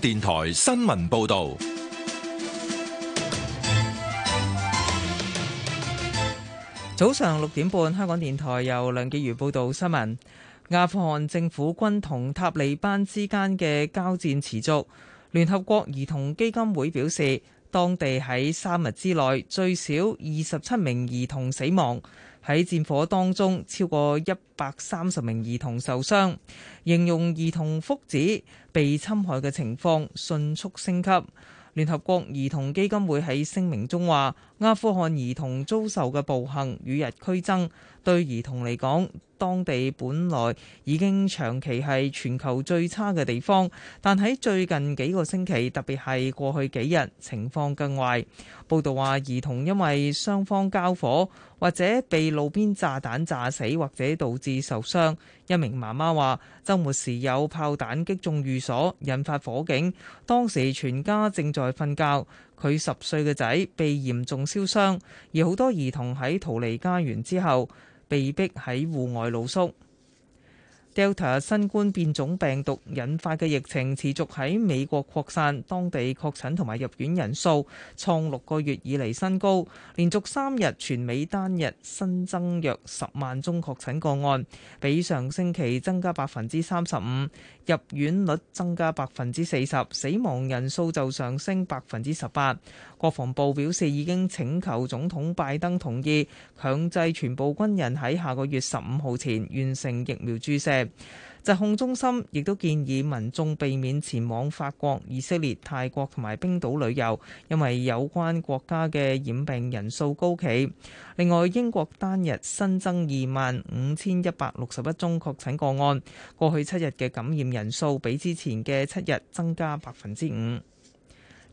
電台新聞報道，早上六點半，香港電台由梁潔如報道新聞。阿富汗政府軍同塔利班之間嘅交戰持續。聯合國兒童基金會表示，當地喺三日之內最少二十七名兒童死亡，喺戰火當中超過一百三十名兒童受傷，形容兒童福祉被侵害嘅情況迅速升級。聯合國兒童基金會喺聲明中話：阿富汗兒童遭受嘅暴行與日俱增，對兒童嚟講，當地本來已經長期係全球最差嘅地方，但喺最近幾個星期，特別係過去幾日，情況更壞。報道話，兒童因為雙方交火，或者被路邊炸彈炸死，或者導致受傷。一名媽媽話，週末時有炮彈擊中寓所，引發火警，當時全家正在瞓覺。佢十歲嘅仔被嚴重燒傷，而好多兒童喺逃離家園之後，被逼喺戶外露宿。Delta 新冠變種病毒引發嘅疫情持續喺美國擴散，當地確診同埋入院人數創六個月以嚟新高，連續三日全美單日新增約十萬宗確診個案，比上星期增加百分之三十五，入院率增加百分之四十，死亡人數就上升百分之十八。國防部表示已經請求總統拜登同意強制全部軍人喺下個月十五號前完成疫苗注射。疾控中心亦都建議民眾避免前往法國、以色列、泰國同埋冰島旅遊，因為有關國家嘅染病人數高企。另外，英國單日新增二萬五千一百六十一宗確診個案，過去七日嘅感染人數比之前嘅七日增加百分之五。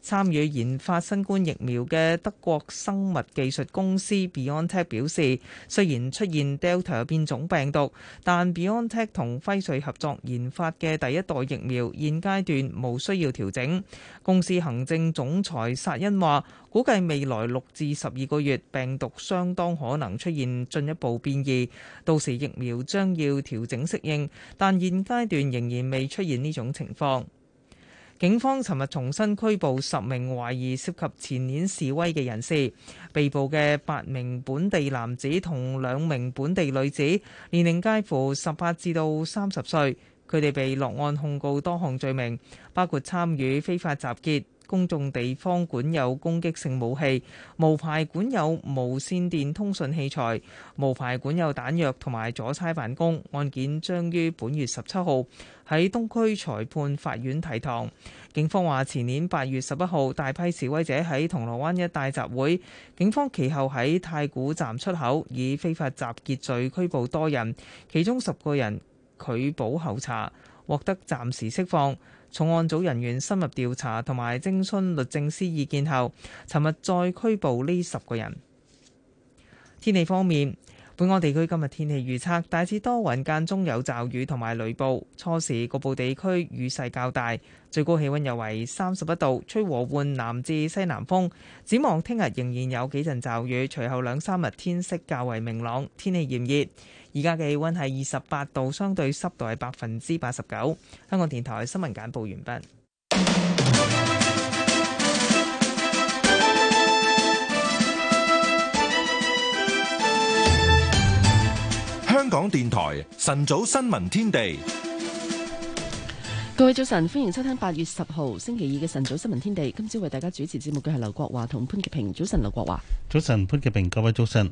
參與研發新冠疫苗嘅德國生物技術公司 BioNTech 表示，雖然出現 Delta 變種病毒，但 BioNTech 同輝瑞合作研發嘅第一代疫苗現階段無需要調整。公司行政總裁薩恩話，估計未來六至十二個月病毒相當可能出現進一步變異，到時疫苗將要調整適應，但現階段仍然未出現呢種情況。警方尋日重新拘捕十名懷疑涉，涉及前年示威嘅人士，被捕嘅八名本地男子同兩名本地女子，年齡介乎十八至到三十歲，佢哋被落案控告多項罪名，包括參與非法集結。公眾地方管有攻擊性武器，無牌管有無綫電通訊器材，無牌管有彈藥同埋阻差辦公。案件將於本月十七號喺東區裁判法院提堂。警方話，前年八月十一號大批示威者喺銅鑼灣一帶集會，警方其後喺太古站出口以非法集結罪拘捕多人，其中十個人拒保候查，獲得暫時釋放。重案組人員深入調查同埋徵詢律政司意見後，尋日再拘捕呢十個人。天氣方面。本港地區今日天，天氣預測大致多雲，間中有驟雨同埋雷暴。初時局部地區雨勢較大，最高氣溫又為三十一度，吹和緩南至西南風。展望聽日仍然有幾陣驟雨，隨後兩三日天色較為明朗，天氣炎熱。而家嘅氣温係二十八度，相對濕度係百分之八十九。香港電台新聞簡報完畢。香港電台晨早新聞天地，各位早晨，歡迎收聽八月十號星期二嘅晨早新聞天地。今朝為大家主持節目嘅係劉國華同潘潔平。早晨，劉國華，早晨，潘潔平，各位早晨。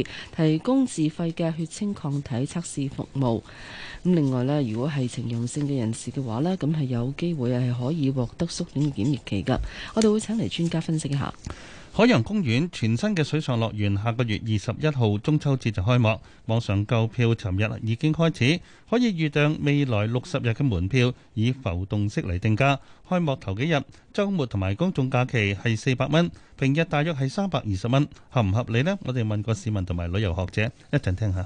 提供自費嘅血清抗體測試服務。咁另外呢，如果係呈陽性嘅人士嘅話呢，咁係有機會係可以獲得縮短檢疫期噶。我哋會請嚟專家分析一下。海洋公園全新嘅水上樂園下個月二十一號中秋節就開幕，網上購票尋日已經開始，可以預訂未來六十日嘅門票，以浮動式嚟定價。開幕頭幾日、周末同埋公眾假期係四百蚊，平日大約係三百二十蚊，合唔合理呢？我哋問過市民同埋旅遊學者，一陣聽下。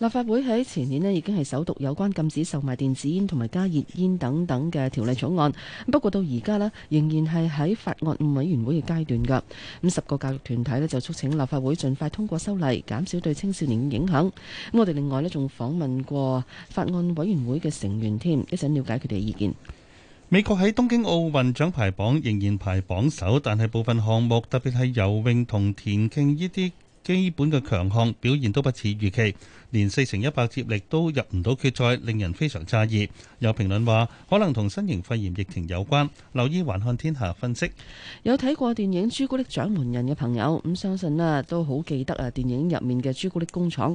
立法會喺前年咧已經係首讀有關禁止售賣電子煙同埋加熱煙等等嘅條例草案，不過到而家呢仍然係喺法案委員會嘅階段㗎。咁十個教育團體咧就促請立法會盡快通過修例，減少對青少年嘅影響。咁我哋另外咧仲訪問過法案委員會嘅成員添，一陣了解佢哋嘅意見。美國喺東京奧運獎牌榜仍然排榜首，但係部分項目特別係游泳同田徑呢啲，基本嘅強項表現都不似預期，連四乘一百接力都入唔到決賽，令人非常詫異。有評論話可能同新型肺炎疫情有關。留意環看天下分析。有睇過電影《朱古力獎門人》嘅朋友咁相信啦，都好記得啊！電影入面嘅朱古力工廠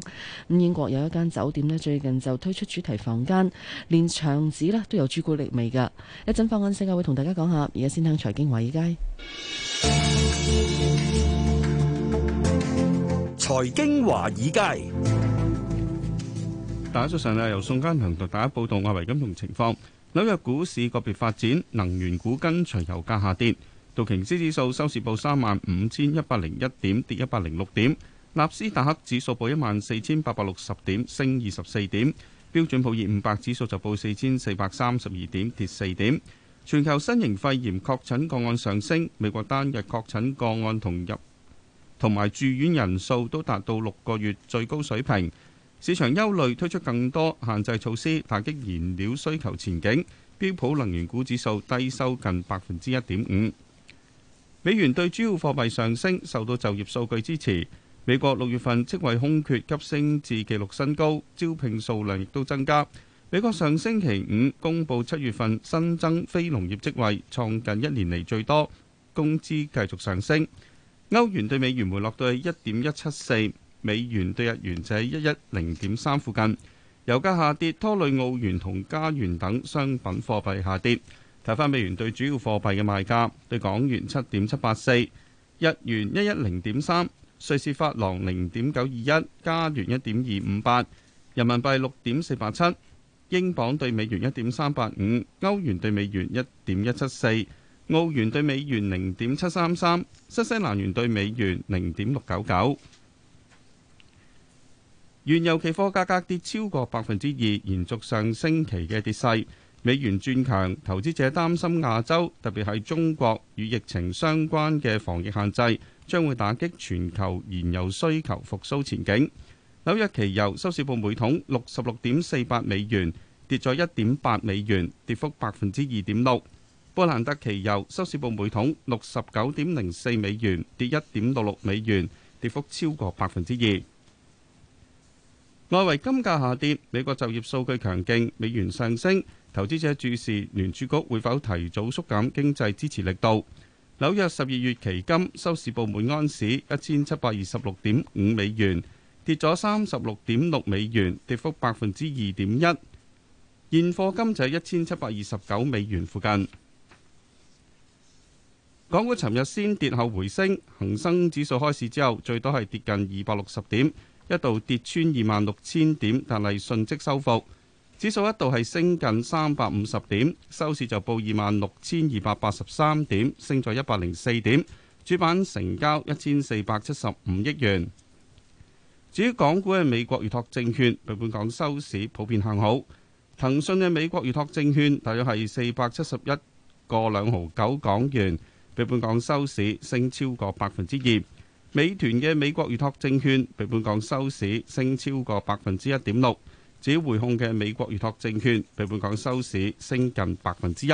咁，英國有一間酒店咧，最近就推出主題房間，連牆紙咧都有朱古力味㗎。一陣放眼世界會同大家講下，而家先向財經華爾街。財經華爾街，大家早晨啊！由宋嘉明同大家報道外圍金融情況。紐約股市個別發展，能源股跟隨油價下跌。道瓊斯指數收市報三萬五千一百零一點，跌一百零六點。納斯達克指數報一萬四千八百六十點，升二十四點。標準普爾五百指數就報四千四百三十二點，跌四點。全球新型肺炎確診個案上升，美國單日確診個案同入。同埋住院人數都達到六個月最高水平，市場憂慮推出更多限制措施，打擊燃料需求前景，標普能源股指數低收近百分之一點五。美元對主要貨幣上升，受到就業數據支持。美國六月份職位空缺急升至紀錄新高，招聘數量亦都增加。美國上星期五公佈七月份新增非農業職位，創近一年嚟最多，工資繼續上升。歐元兌美元回落到係一點一七四，美元兌日元就喺一一零點三附近。油價下跌拖累澳元同加元等商品貨幣下跌。睇返美元兌主要貨幣嘅賣價，兌港元七點七八四，日元一一零點三，瑞士法郎零點九二一，加元一點二五八，人民幣六點四八七，英鎊兌美元一點三八五，歐元兌美元一點一七四。澳元兌美元零點七三三，新西蘭元兌美元零點六九九。原油期貨價格跌超過百分之二，延續上星期嘅跌勢。美元轉強，投資者擔心亞洲，特別係中國與疫情相關嘅防疫限制，將會打擊全球燃油需求復蘇前景。紐約期油收市報每桶六十六點四八美元，跌咗一點八美元，跌幅百分之二點六。布蘭特期油收市報每桶六十九點零四美元，跌一點六六美元，跌幅超過百分之二。外圍金價下跌，美國就業數據強勁，美元上升，投資者注視聯儲局會否提早縮減經濟支持力度。紐約十二月期金收市報每安士一千七百二十六點五美元，跌咗三十六點六美元，跌幅百分之二點一。現貨金就喺一千七百二十九美元附近。港股尋日先跌後回升，恒生指數開市之後最多係跌近二百六十點，一度跌穿二萬六千點，但係瞬即收復，指數一度係升近三百五十點，收市就報二萬六千二百八十三點，升咗一百零四點，主板成交一千四百七十五億元。至於港股嘅美國預託證券，比本港收市普遍向好，騰訊嘅美國預託證券大約係四百七十一個兩毫九港元，被本港收市升超過百分之二，美團嘅美國預託證券被本港收市升超過百分之一點六，至於回控嘅美國預託證券被本港收市升近百分之一。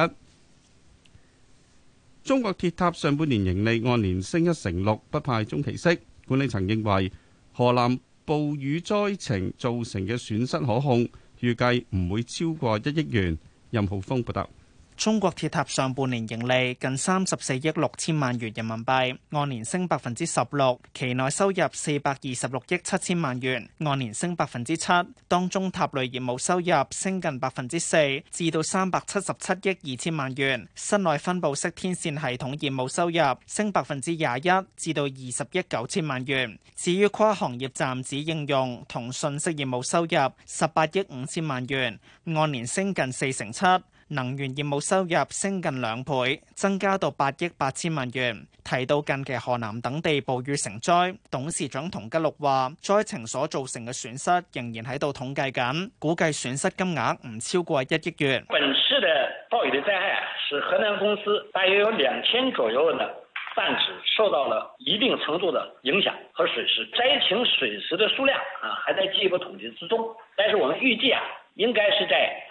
中國鐵塔上半年盈利按年升一成六，不派中期息。管理層認為河南暴雨災情造成嘅損失可控，預計唔會超過一億元。任浩峰報道。中國鐵塔上半年盈利近三十四億六千萬元人民幣，按年升百分之十六。期內收入四百二十六億七千萬元，按年升百分之七。當中塔類業務收入升近百分之四，至到三百七十七億二千萬元。室內分布式天線系統業務收入升百分之廿一，至到二十億九千萬元。至於跨行業站址應用同信息業務收入十八億五千萬元，按年升近四成七。能源業務收入升近兩倍，增加到八億八千萬元。提到近期河南等地暴雨成災，董事長同吉祿話災情所造成嘅損失仍然喺度統計緊，估計損失金額唔超過一億元。本次嘅暴雨的災害使河南公司大約有兩千左右的站址受到了一定程度嘅影響。和損失，災情損失的數量啊，還在進一步統計之中。但是我們預計啊，應該是在。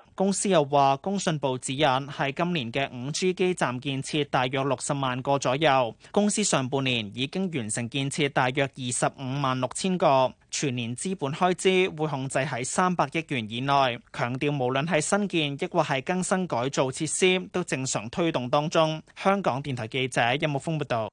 公司又話，工信部指引係今年嘅五 G 基站建設大約六十萬個左右。公司上半年已經完成建設大約二十五萬六千個，全年資本開支會控制喺三百億元以內。強調無論係新建抑或係更新改造設施，都正常推動當中。香港電台記者任木峰報導。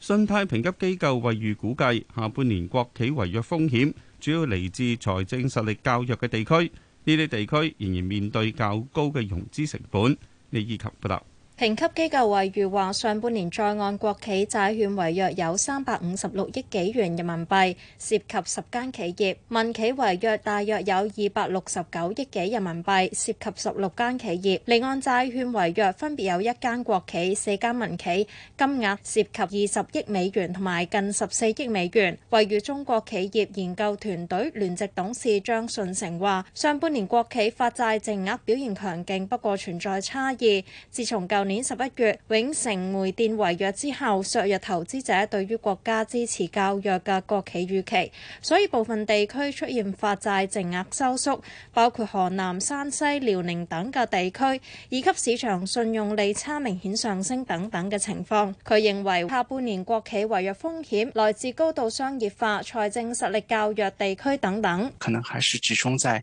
信貸評級機構惠譽估計下半年國企違約風險，主要嚟自財政實力較弱嘅地區。呢啲地區仍然面對較高嘅融資成本，李義琴報道。評級機構惠譽話，上半年在岸國企債券違約有三百五十六億幾元人民幣，涉及十間企業；民企違約大約有二百六十九億幾人民幣，涉及十六間企業。離岸債券違約分別有一間國企、四間民企，金額涉及二十億美元同埋近十四億美元。惠譽中國企業研究團隊聯席董事張信成話：上半年國企發債淨額表現強勁，不過存在差異。自從舊去年十一月永城煤電違約之後，削弱投資者對於國家支持較弱嘅國企預期，所以部分地區出現發債淨額收縮，包括河南、山西、遼寧等嘅地區，二級市場信用利差明顯上升等等嘅情況。佢認為下半年國企違約風險來自高度商業化、財政實力較弱地區等等。可能還是集中在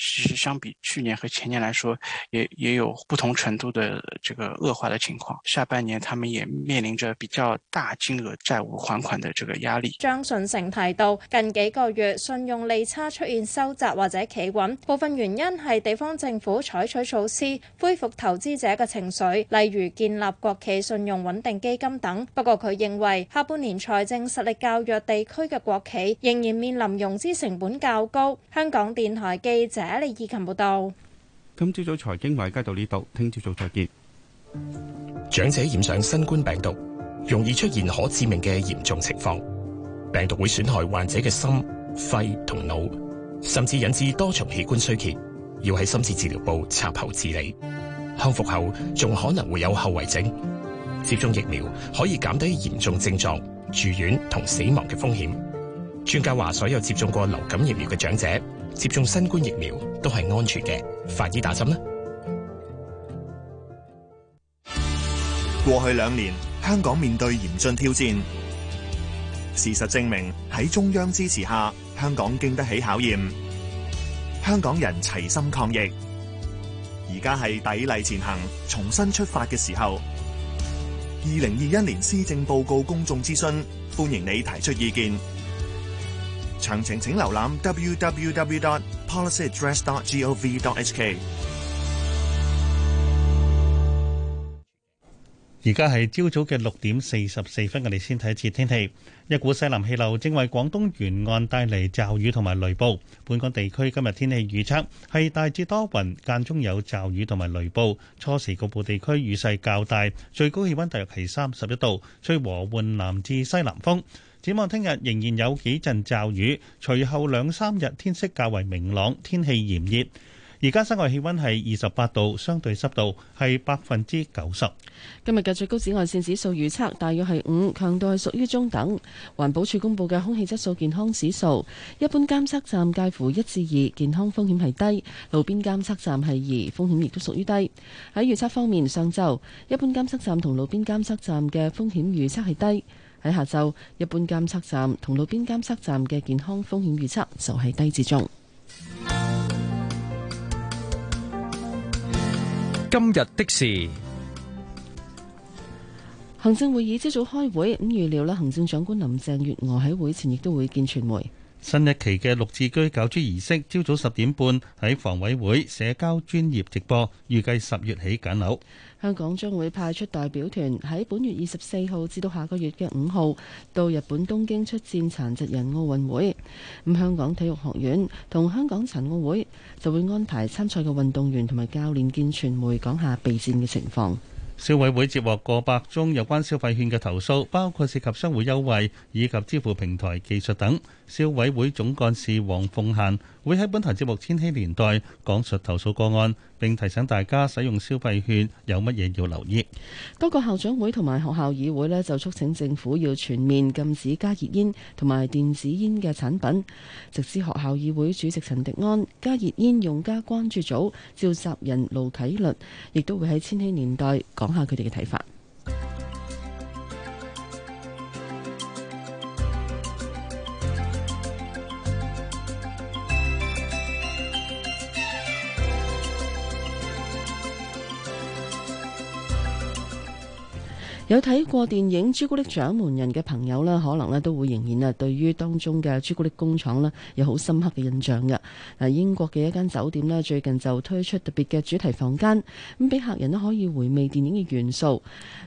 其實相比去年和前年來說，也也有不同程度的這個惡化的情況。下半年他們也面臨着比較大金額債務還款的這個壓力。張順成提到，近幾個月信用利差出現收窄或者企穩，部分原因係地方政府採取措施恢復投資者嘅情緒，例如建立國企信用穩定基金等。不過，佢認為下半年財政實力較弱地區嘅國企仍然面臨融資成本較高。香港電台記者。睇李義勤報道：今朝早財經圍街道呢度，聽朝早再見。長者染上新冠病毒，容易出現可致命嘅嚴重情況，病毒會損害患者嘅心、肺同腦，甚至引致多重器官衰竭，要喺深切治療部插喉治理。康復後仲可能會有後遺症。接種疫苗可以減低嚴重症狀、住院同死亡嘅風險。專家話，所有接種過流感疫苗嘅長者接種新冠疫苗都係安全嘅。快啲打針啦。過去兩年，香港面對嚴峻挑戰，事實證明喺中央支持下，香港經得起考驗。香港人齊心抗疫，而家係砥礪前行、重新出發嘅時候。二零二一年施政報告公眾諮詢，歡迎你提出意見。詳情請瀏覽 www.policyaddress.gov.hk。而家係朝早嘅六點四十四分，我哋先睇一次天氣。一股西南氣流正為廣東沿岸帶嚟驟雨同埋雷暴。本港地區今日天氣預測係大致多雲，間中有驟雨同埋雷暴。初時局部地區雨勢較大，最高氣溫大約係三十一度，吹和緩南至西南風。展望聽日仍然有幾陣驟雨，隨後兩三日天色較為明朗，天氣炎熱，而家室外氣溫係二十八度，相對濕度係百分之九十。今日嘅最高紫外線指數預測大約係五，強度係屬於中等。環保署公布嘅空氣質素健康指數一般監測站介乎一至二，健康風險係低；路邊監測站係二，風險亦都屬於低。喺預測方面，上晝，一般監測站同路邊監測站嘅風險預測係低。喺下晝，一般監測站同路邊監測站嘅健康風險預測就係低至中。今日的事，行政會議朝早開會，咁預料啦。行政長官林鄭月娥喺會前亦都會見傳媒。新一期嘅六字居攪珠儀式，朝早十點半喺房委會社交專業直播。預計十月起揀樓，香港將會派出代表團喺本月二十四號至到下個月嘅五號到日本東京出戰殘疾人奧運會，咁香港體育學院同香港殘奧會就會安排參賽嘅運動員同埋教練見傳媒，講下備戰嘅情況。消委會接獲過百宗有關消費券嘅投訴，包括涉及商戶優惠以及支付平台技術等。消委會總幹事黃鳳嫻會喺本台節目《千禧年代》講述投訴個案，並提醒大家使用消費券有乜嘢要留意。多個校長會同埋學校議會呢，就促請政府要全面禁止加熱煙同埋電子煙嘅產品。直資學校議會主席陳迪安、加熱煙用家關注組召集人盧啟律，亦都會喺《千禧年代》講下佢哋嘅睇法。有睇過電影《朱古力掌門人》嘅朋友呢，可能咧都會仍然啊，對於當中嘅朱古力工廠呢，有好深刻嘅印象㗎。嗱，英國嘅一間酒店呢，最近就推出特別嘅主題房間，咁俾客人咧可以回味電影嘅元素，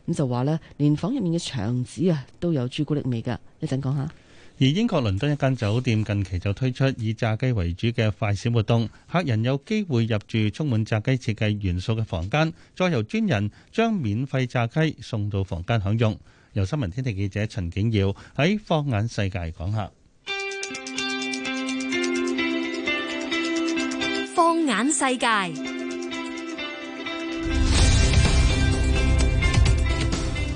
咁就話呢，連房入面嘅牆紙啊，都有朱古力味㗎。一陣講下。而英國倫敦一間酒店近期就推出以炸雞為主嘅快閃活動，客人有機會入住充滿炸雞設計元素嘅房間，再由專人將免費炸雞送到房間享用。由新聞天地記者陳景耀喺放眼世界講下。放眼世界。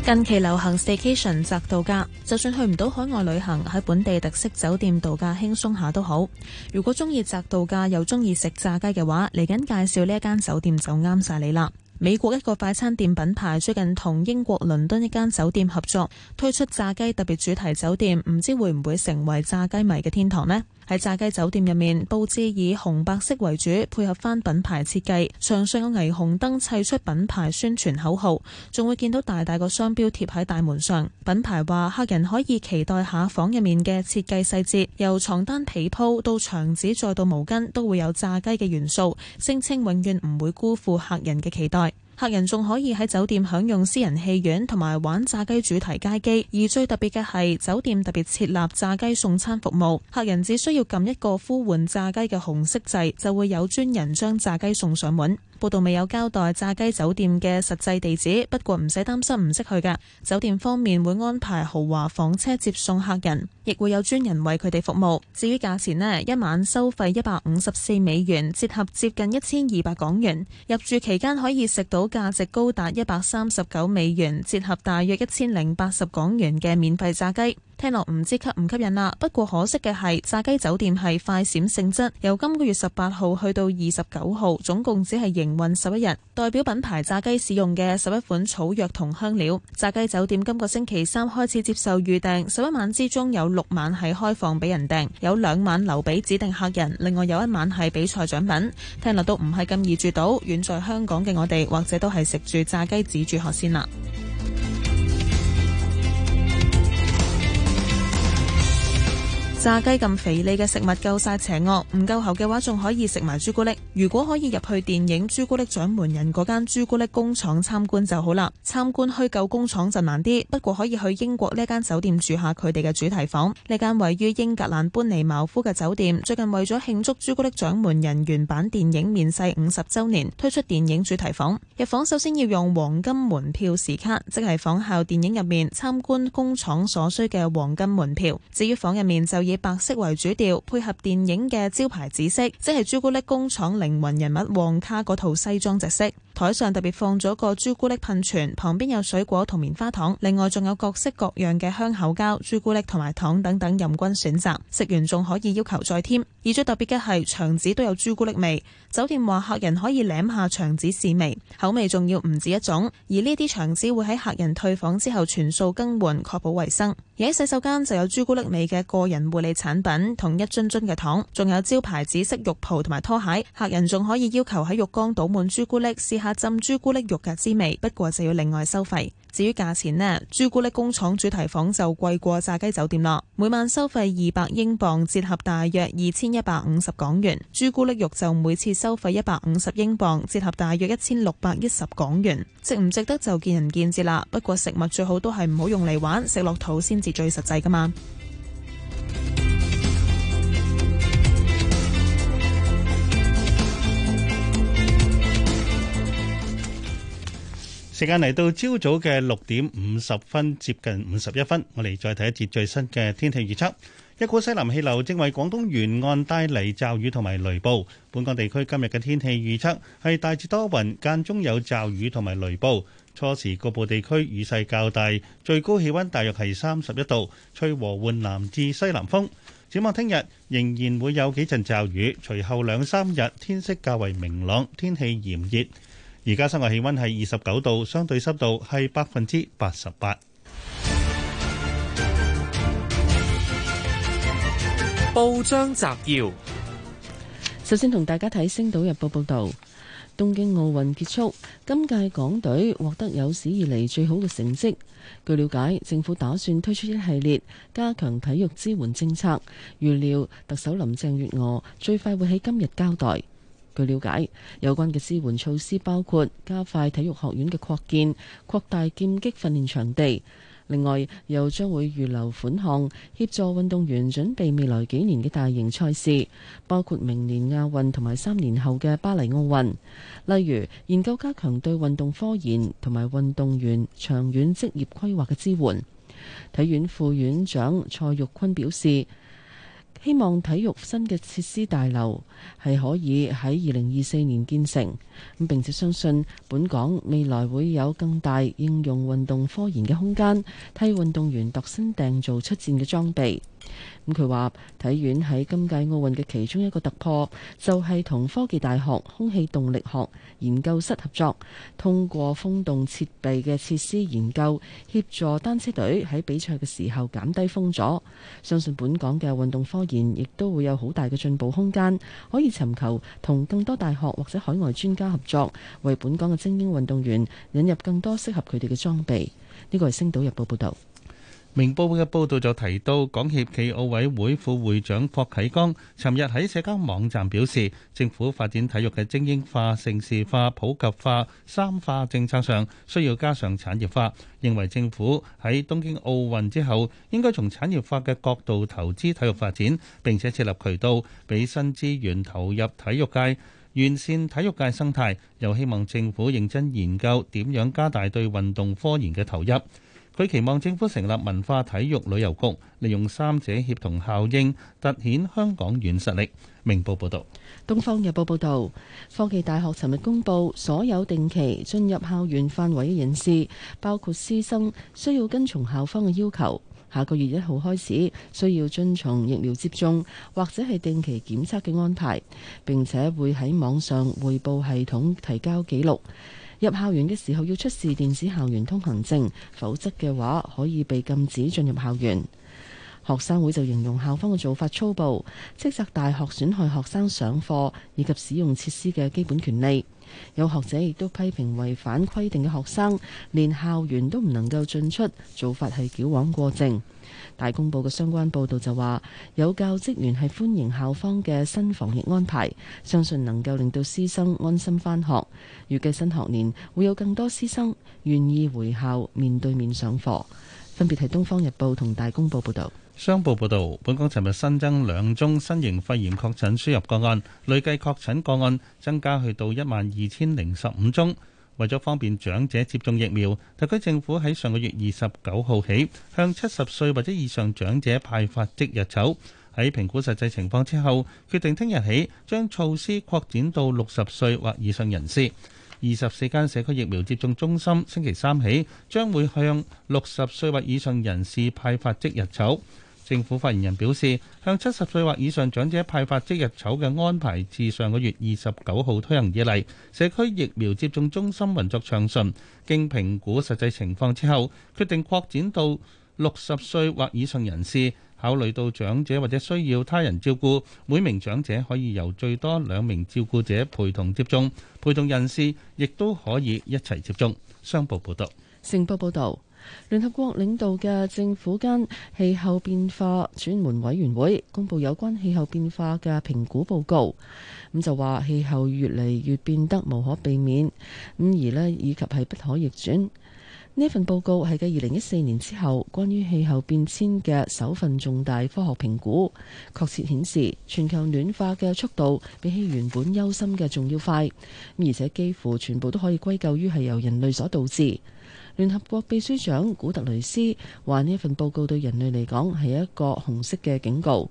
近期流行 staycation 宅度假，就算去唔到海外旅行，喺本地特色酒店度假輕鬆下都好。如果中意宅度假又中意食炸雞嘅話，嚟緊介紹呢一間酒店就啱晒你啦！美國一個快餐店品牌最近同英國倫敦一間酒店合作，推出炸雞特別主題酒店，唔知會唔會成為炸雞迷嘅天堂呢？喺炸雞酒店入面佈置以紅白色為主，配合翻品牌設計，牆上有霓虹燈砌出品牌宣傳口號，仲會見到大大個商標貼喺大門上。品牌話客人可以期待下房入面嘅設計細節，由床單被鋪到牆紙再到毛巾都會有炸雞嘅元素，聲稱永遠唔會辜負客人嘅期待。客人仲可以喺酒店享用私人戲院同埋玩炸雞主題街機，而最特別嘅係酒店特別設立炸雞送餐服務，客人只需要撳一個呼喚炸雞嘅紅色掣，就會有專人將炸雞送上門。報道未有交代炸雞酒店嘅實際地址，不過唔使擔心唔識去噶。酒店方面會安排豪華房車接送客人，亦會有專人為佢哋服務。至於價錢呢，一晚收費一百五十四美元，折合接近一千二百港元。入住期間可以食到價值高達一百三十九美元，折合大約一千零八十港元嘅免費炸雞。聽落唔知吸唔吸引啦，不過可惜嘅係炸雞酒店係快閃性質，由今個月十八號去到二十九號，總共只係營運十一日。代表品牌炸雞使用嘅十一款草藥同香料。炸雞酒店今個星期三開始接受預訂，十一晚之中有六晚係開放俾人訂，有兩晚留俾指定客人，另外有一晚係比賽獎品。聽落都唔係咁易住到，遠在香港嘅我哋，或者都係食住炸雞止住渴先啦。炸雞咁肥膩嘅食物夠晒邪惡，唔夠喉嘅話仲可以食埋朱古力。如果可以入去電影《朱古力掌門人》嗰間朱古力工廠參觀就好啦。參觀虛構工廠就難啲，不過可以去英國呢間酒店住下佢哋嘅主題房。呢間位於英格蘭搬尼茅夫嘅酒店，最近為咗慶祝《朱古力掌門人》原版電影面世五十週年，推出電影主題房。入房首先要用黃金門票時卡，即係仿效電影入面參觀工廠所需嘅黃金門票。至於房入面就要白色為主調，配合電影嘅招牌紫色，即係朱古力工廠靈魂人物旺卡嗰套西裝直色。台上特別放咗個朱古力噴泉，旁邊有水果同棉花糖，另外仲有各式各樣嘅香口膠、朱古力同埋糖等等任君選擇。食完仲可以要求再添。而最特別嘅係牆紙都有朱古力味。酒店話客人可以舐下牆紙試味，口味仲要唔止一種。而呢啲牆紙會喺客人退房之後全數更換，確保衛生。而喺洗手間就有朱古力味嘅個人護理產品，同一樽樽嘅糖，仲有招牌紫色浴袍同埋拖鞋。客人仲可以要求喺浴缸倒滿朱古力，試下浸朱古力浴嘅滋味，不過就要另外收費。至於價錢呢？朱古力工廠主題房就貴過炸雞酒店咯，每晚收費二百英鎊，折合大約二千一百五十港元。朱古力肉就每次收費一百五十英鎊，折合大約一千六百一十港元。值唔值得就見仁見智啦。不過食物最好都係唔好用嚟玩，食落肚先至最實際㗎嘛。時間嚟到朝早嘅六點五十分，接近五十一分，我哋再睇一節最新嘅天氣預測。一股西南氣流正為廣東沿岸帶嚟驟雨同埋雷暴。本港地區今日嘅天氣預測係大致多雲，間中有驟雨同埋雷暴。初時局部地區雨勢較大，最高氣溫大約係三十一度，吹和緩南至西南風。展望聽日仍然會有幾陣驟雨，隨後兩三日天色較為明朗，天氣炎熱。而家室外氣溫係二十九度，相對濕度係百分之八十八。報章摘要：首先同大家睇《星島日報》報導，東京奧運結束，今屆港隊獲得有史以嚟最好嘅成績。據了解，政府打算推出一系列加強體育支援政策。預料特首林鄭月娥最快會喺今日交代。據了解，有關嘅支援措施包括加快體育學院嘅擴建、擴大劍擊訓練場地，另外又將會預留款項協助運動員準備未來幾年嘅大型賽事，包括明年亞運同埋三年後嘅巴黎奧運。例如，研究加強對運動科研同埋運動員長遠職業規劃嘅支援。體院副院長蔡玉坤表示。希望體育新嘅設施大樓係可以喺二零二四年建成，咁並且相信本港未來會有更大應用運動科研嘅空間，替運動員度身訂造出戰嘅裝備。咁佢話體院喺今屆奧運嘅其中一個突破，就係同科技大學空氣動力學研究室合作，通過風洞設備嘅設施研究，協助單車隊喺比賽嘅時候減低風阻。相信本港嘅運動科研亦都會有好大嘅進步空間，可以尋求同更多大學或者海外專家合作，為本港嘅精英運動員引入更多適合佢哋嘅裝備。呢個係星島日報報道。明報嘅報道就提到，港協暨奧委會副會長霍啟剛尋日喺社交網站表示，政府發展體育嘅精英化、城市化、普及化三化政策上，需要加上產業化。認為政府喺東京奧運之後，應該從產業化嘅角度投資體育發展，並且設立渠道，俾新資源投入體育界，完善體育界生態。又希望政府認真研究點樣加大對運動科研嘅投入。佢期望政府成立文化、體育、旅遊局，利用三者協同效應，凸顯香港軟實力。明報報道。東方日報報道，科技大學尋日公佈，所有定期進入校園範圍嘅人士，包括師生，需要跟從校方嘅要求。下個月一號開始，需要遵從疫苗接種或者係定期檢測嘅安排，並且會喺網上匯報系統提交記錄。入校園嘅時候要出示電子校園通行證，否則嘅話可以被禁止進入校園。學生會就形容校方嘅做法粗暴，斥責大學損害學生上課以及使用設施嘅基本權利。有學者亦都批評違反規定嘅學生連校園都唔能夠進出，做法係矯枉過正。大公報嘅相關報導就話，有教職員係歡迎校方嘅新防疫安排，相信能夠令到師生安心返學。預計新學年會有更多師生願意回校面對面上課。分別係《東方日報》同《大公報》報導。商報報導，本港尋日新增兩宗新型肺炎確診輸入個案，累計確診個案增加去到一萬二千零十五宗。為咗方便長者接種疫苗，特區政府喺上個月二十九號起，向七十歲或者以上長者派發即日籌。喺評估實際情況之後，決定聽日起將措施擴展到六十歲或以上人士。二十四間社區疫苗接種中心星期三起將會向六十歲或以上人士派發即日籌。政府發言人表示，向七十歲或以上長者派發即日籌嘅安排，自上個月二十九號推行以嚟，社區疫苗接種中心運作暢順。經評估實際情況之後，決定擴展到六十歲或以上人士。考慮到長者或者需要他人照顧，每名長者可以由最多兩名照顧者陪同接種，陪同人士亦都可以一齊接種。商報報道。城報報導。聯合國領導嘅政府間氣候變化專門委員會公布有關氣候變化嘅評估報告，咁就話氣候越嚟越變得無可避免，咁而呢以及係不可逆轉。呢份報告係繼二零一四年之後關於氣候變遷嘅首份重大科學評估，確切顯示全球暖化嘅速度比起原本憂心嘅仲要快，而且幾乎全部都可以歸咎於係由人類所導致。聯合國秘書長古特雷斯話：呢一份報告對人類嚟講係一個紅色嘅警告。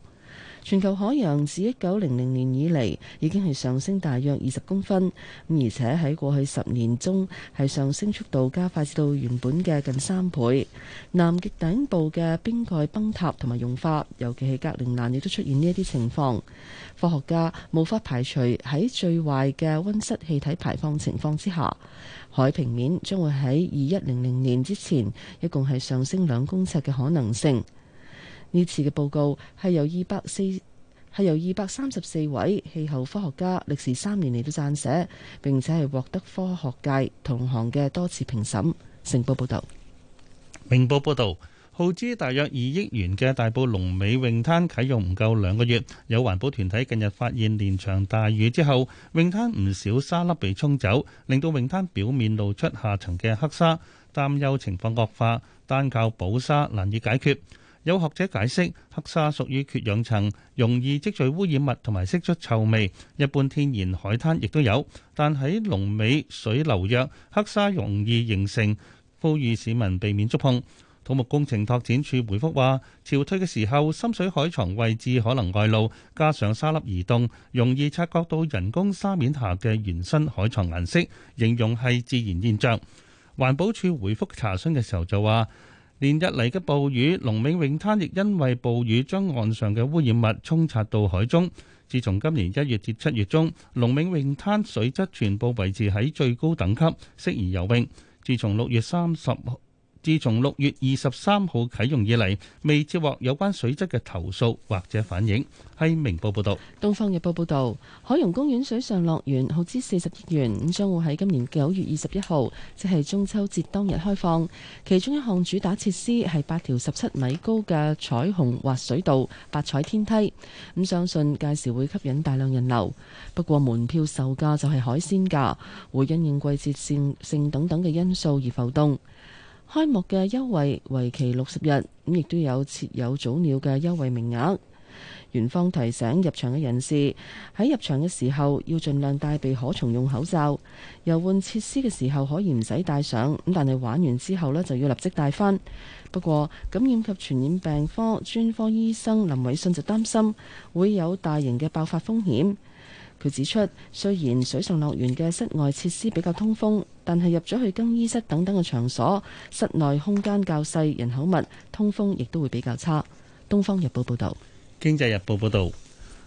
全球海洋自一九零零年以嚟已經係上升大約二十公分，而且喺過去十年中係上升速度加快至到原本嘅近三倍。南極頂部嘅冰蓋崩塌同埋融化，尤其係格陵蘭亦都出現呢一啲情況。科學家無法排除喺最壞嘅溫室氣體排放情況之下。海平面將會喺二一零零年之前，一共係上升兩公尺嘅可能性。呢次嘅報告係由二百四係由二百三十四位氣候科學家歷時三年嚟到撰寫，並且係獲得科學界同行嘅多次評審。成報報道。明報報道。耗資大約二億元嘅大埔龍尾泳灘啟用唔夠兩個月，有環保團體近日發現，連場大雨之後，泳灘唔少沙粒被沖走，令到泳灘表面露出下層嘅黑沙，擔憂情況惡化，單靠補沙難以解決。有學者解釋，黑沙屬於缺氧層，容易積聚污染物同埋釋出臭味，一般天然海灘亦都有，但喺龍尾水流弱，黑沙容易形成，呼籲市民避免觸碰。土木工程拓展署回覆話：潮退嘅時候，深水海床位置可能外露，加上沙粒移動，容易察覺到人工沙面下嘅原生海床顏色，形容係自然現象。環保署回覆查詢嘅時候就話：連日嚟嘅暴雨，龍尾泳灘亦因為暴雨將岸上嘅污染物沖刷到海中。自從今年一月至七月中，龍尾泳灘水質全部維持喺最高等級，適宜游泳。自從六月三十。自從六月二十三號啟用以嚟，未接獲有關水質嘅投訴或者反映。係明報報道，《東方日報》報道，海洋公園水上樂園耗資四十億元，咁將會喺今年九月二十一號，即係中秋節當日開放。其中一項主打設施係八條十七米高嘅彩虹滑水道、八彩天梯。咁相信屆時會吸引大量人流。不過門票售價就係海鮮價，會因應季節性等等嘅因素而浮動。開幕嘅優惠為期六十日，咁亦都有設有早鳥嘅優惠名額。園方提醒入場嘅人士喺入場嘅時候要盡量戴備可重用口罩，遊玩設施嘅時候可以唔使戴上，咁但係玩完之後呢就要立即戴返。不過，感染及傳染病科專科醫生林偉信就擔心會有大型嘅爆發風險。佢指出，雖然水上樂園嘅室外設施比較通風，但係入咗去更衣室等等嘅場所，室內空間較細，人口密，通風亦都會比較差。《東方日報》報導，《經濟日報》報導，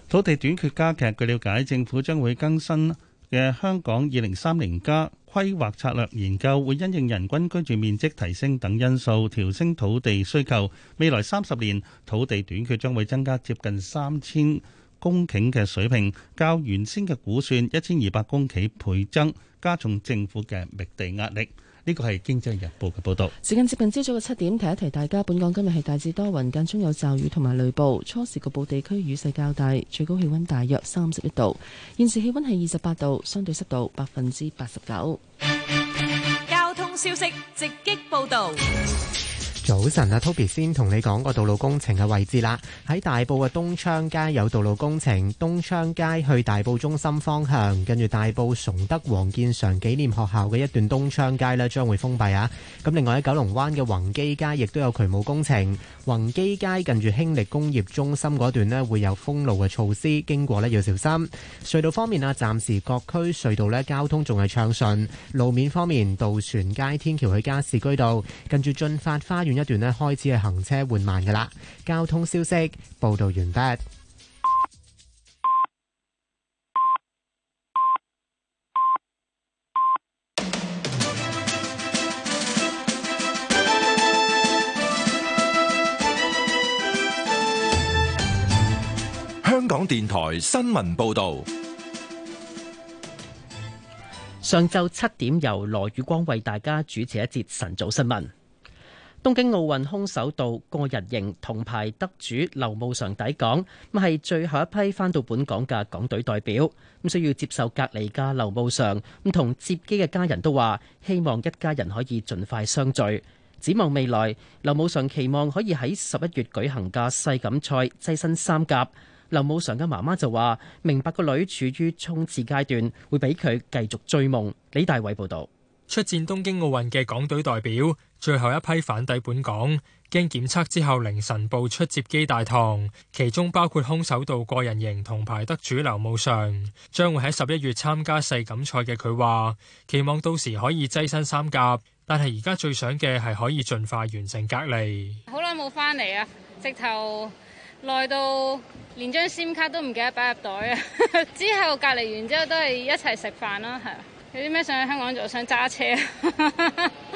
土地短缺加劇。據了解，政府將會更新嘅香港二零三零加規劃策略研究，會因應人均居住面積提升等因素，調升土地需求。未來三十年，土地短缺將會增加接近三千公頃嘅水平，較原先嘅估算一千二百公頃倍增，加重政府嘅覓地壓力。呢個係《經濟日報》嘅報道。時間接近朝早嘅七點，提一提大家，本港今日係大致多雲，間中有驟雨同埋雷暴，初時局部地區雨勢較大，最高氣溫大約三十一度。現時氣溫係二十八度，相對濕度百分之八十九。交通消息直擊報道。早晨啊，Toby 先同你講個道路工程嘅位置啦。喺大埔嘅東昌街有道路工程，東昌街去大埔中心方向，跟住大埔崇德黃建常紀念學校嘅一段東昌街咧將會封閉啊。咁另外喺九龍灣嘅宏基街亦都有渠務工程，宏基街近住興力工業中心嗰段咧會有封路嘅措施，經過咧要小心。隧道方面啊，暫時各區隧道咧交通仲係暢順。路面方面，渡船街天橋去加士居道，近住駿發花園。一段呢開始係行車緩慢嘅喇。交通消息報道完畢。香港電台新聞報道，上晝七點由羅宇光為大家主持一節晨早新聞。東京奧運空手道個人型銅牌得主劉慕裳抵港，咁係最後一批返到本港嘅港隊代表，咁需要接受隔離嘅劉慕裳，咁同接機嘅家人都話，希望一家人可以盡快相聚。展望未來，劉慕裳期望可以喺十一月舉行嘅世錦賽躋身三甲。劉慕裳嘅媽媽就話，明白個女處於衝刺階段，會俾佢繼續追夢。李大偉報道。出戰東京奧運嘅港隊代表，最後一批返抵本港，經檢測之後凌晨步出接機大堂，其中包括空手道個人型銅牌得主劉慕裳，將會喺十一月參加世錦賽嘅佢話，期望到時可以躋身三甲，但係而家最想嘅係可以盡快完成隔離。好耐冇翻嚟啊，直頭耐到，到連張 SIM 卡都唔記得擺入袋啊， 之後隔離完之後都係一齊食飯啦，係。有啲咩想去香港就想揸車，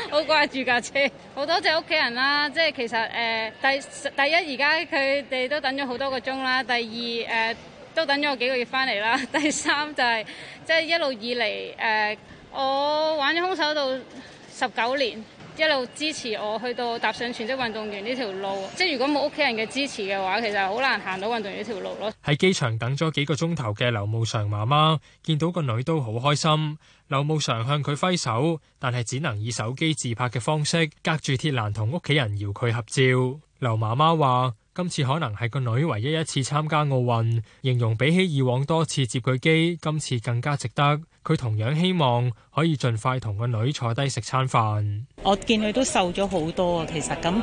好掛住架車。好多謝屋企人啦，即係其實誒、呃，第第一而家佢哋都等咗好多個鐘啦，第二誒、呃、都等咗我幾個月翻嚟啦，第三就係、是、即係一路以嚟誒、呃，我玩咗空手道十九年。一路支持我去到踏上全職運動員呢條路，即係如果冇屋企人嘅支持嘅話，其實好難行到運動員呢條路咯。喺機場等咗幾個鐘頭嘅劉慕裳媽媽見到個女都好開心，劉慕裳向佢揮手，但係只能以手機自拍嘅方式隔住鐵欄同屋企人搖佢合照。劉媽媽話：今次可能係個女唯一一次參加奧運，形容比起以往多次接佢機，今次更加值得。佢同樣希望可以盡快同個女坐低食餐飯。我見佢都瘦咗好多啊，其實咁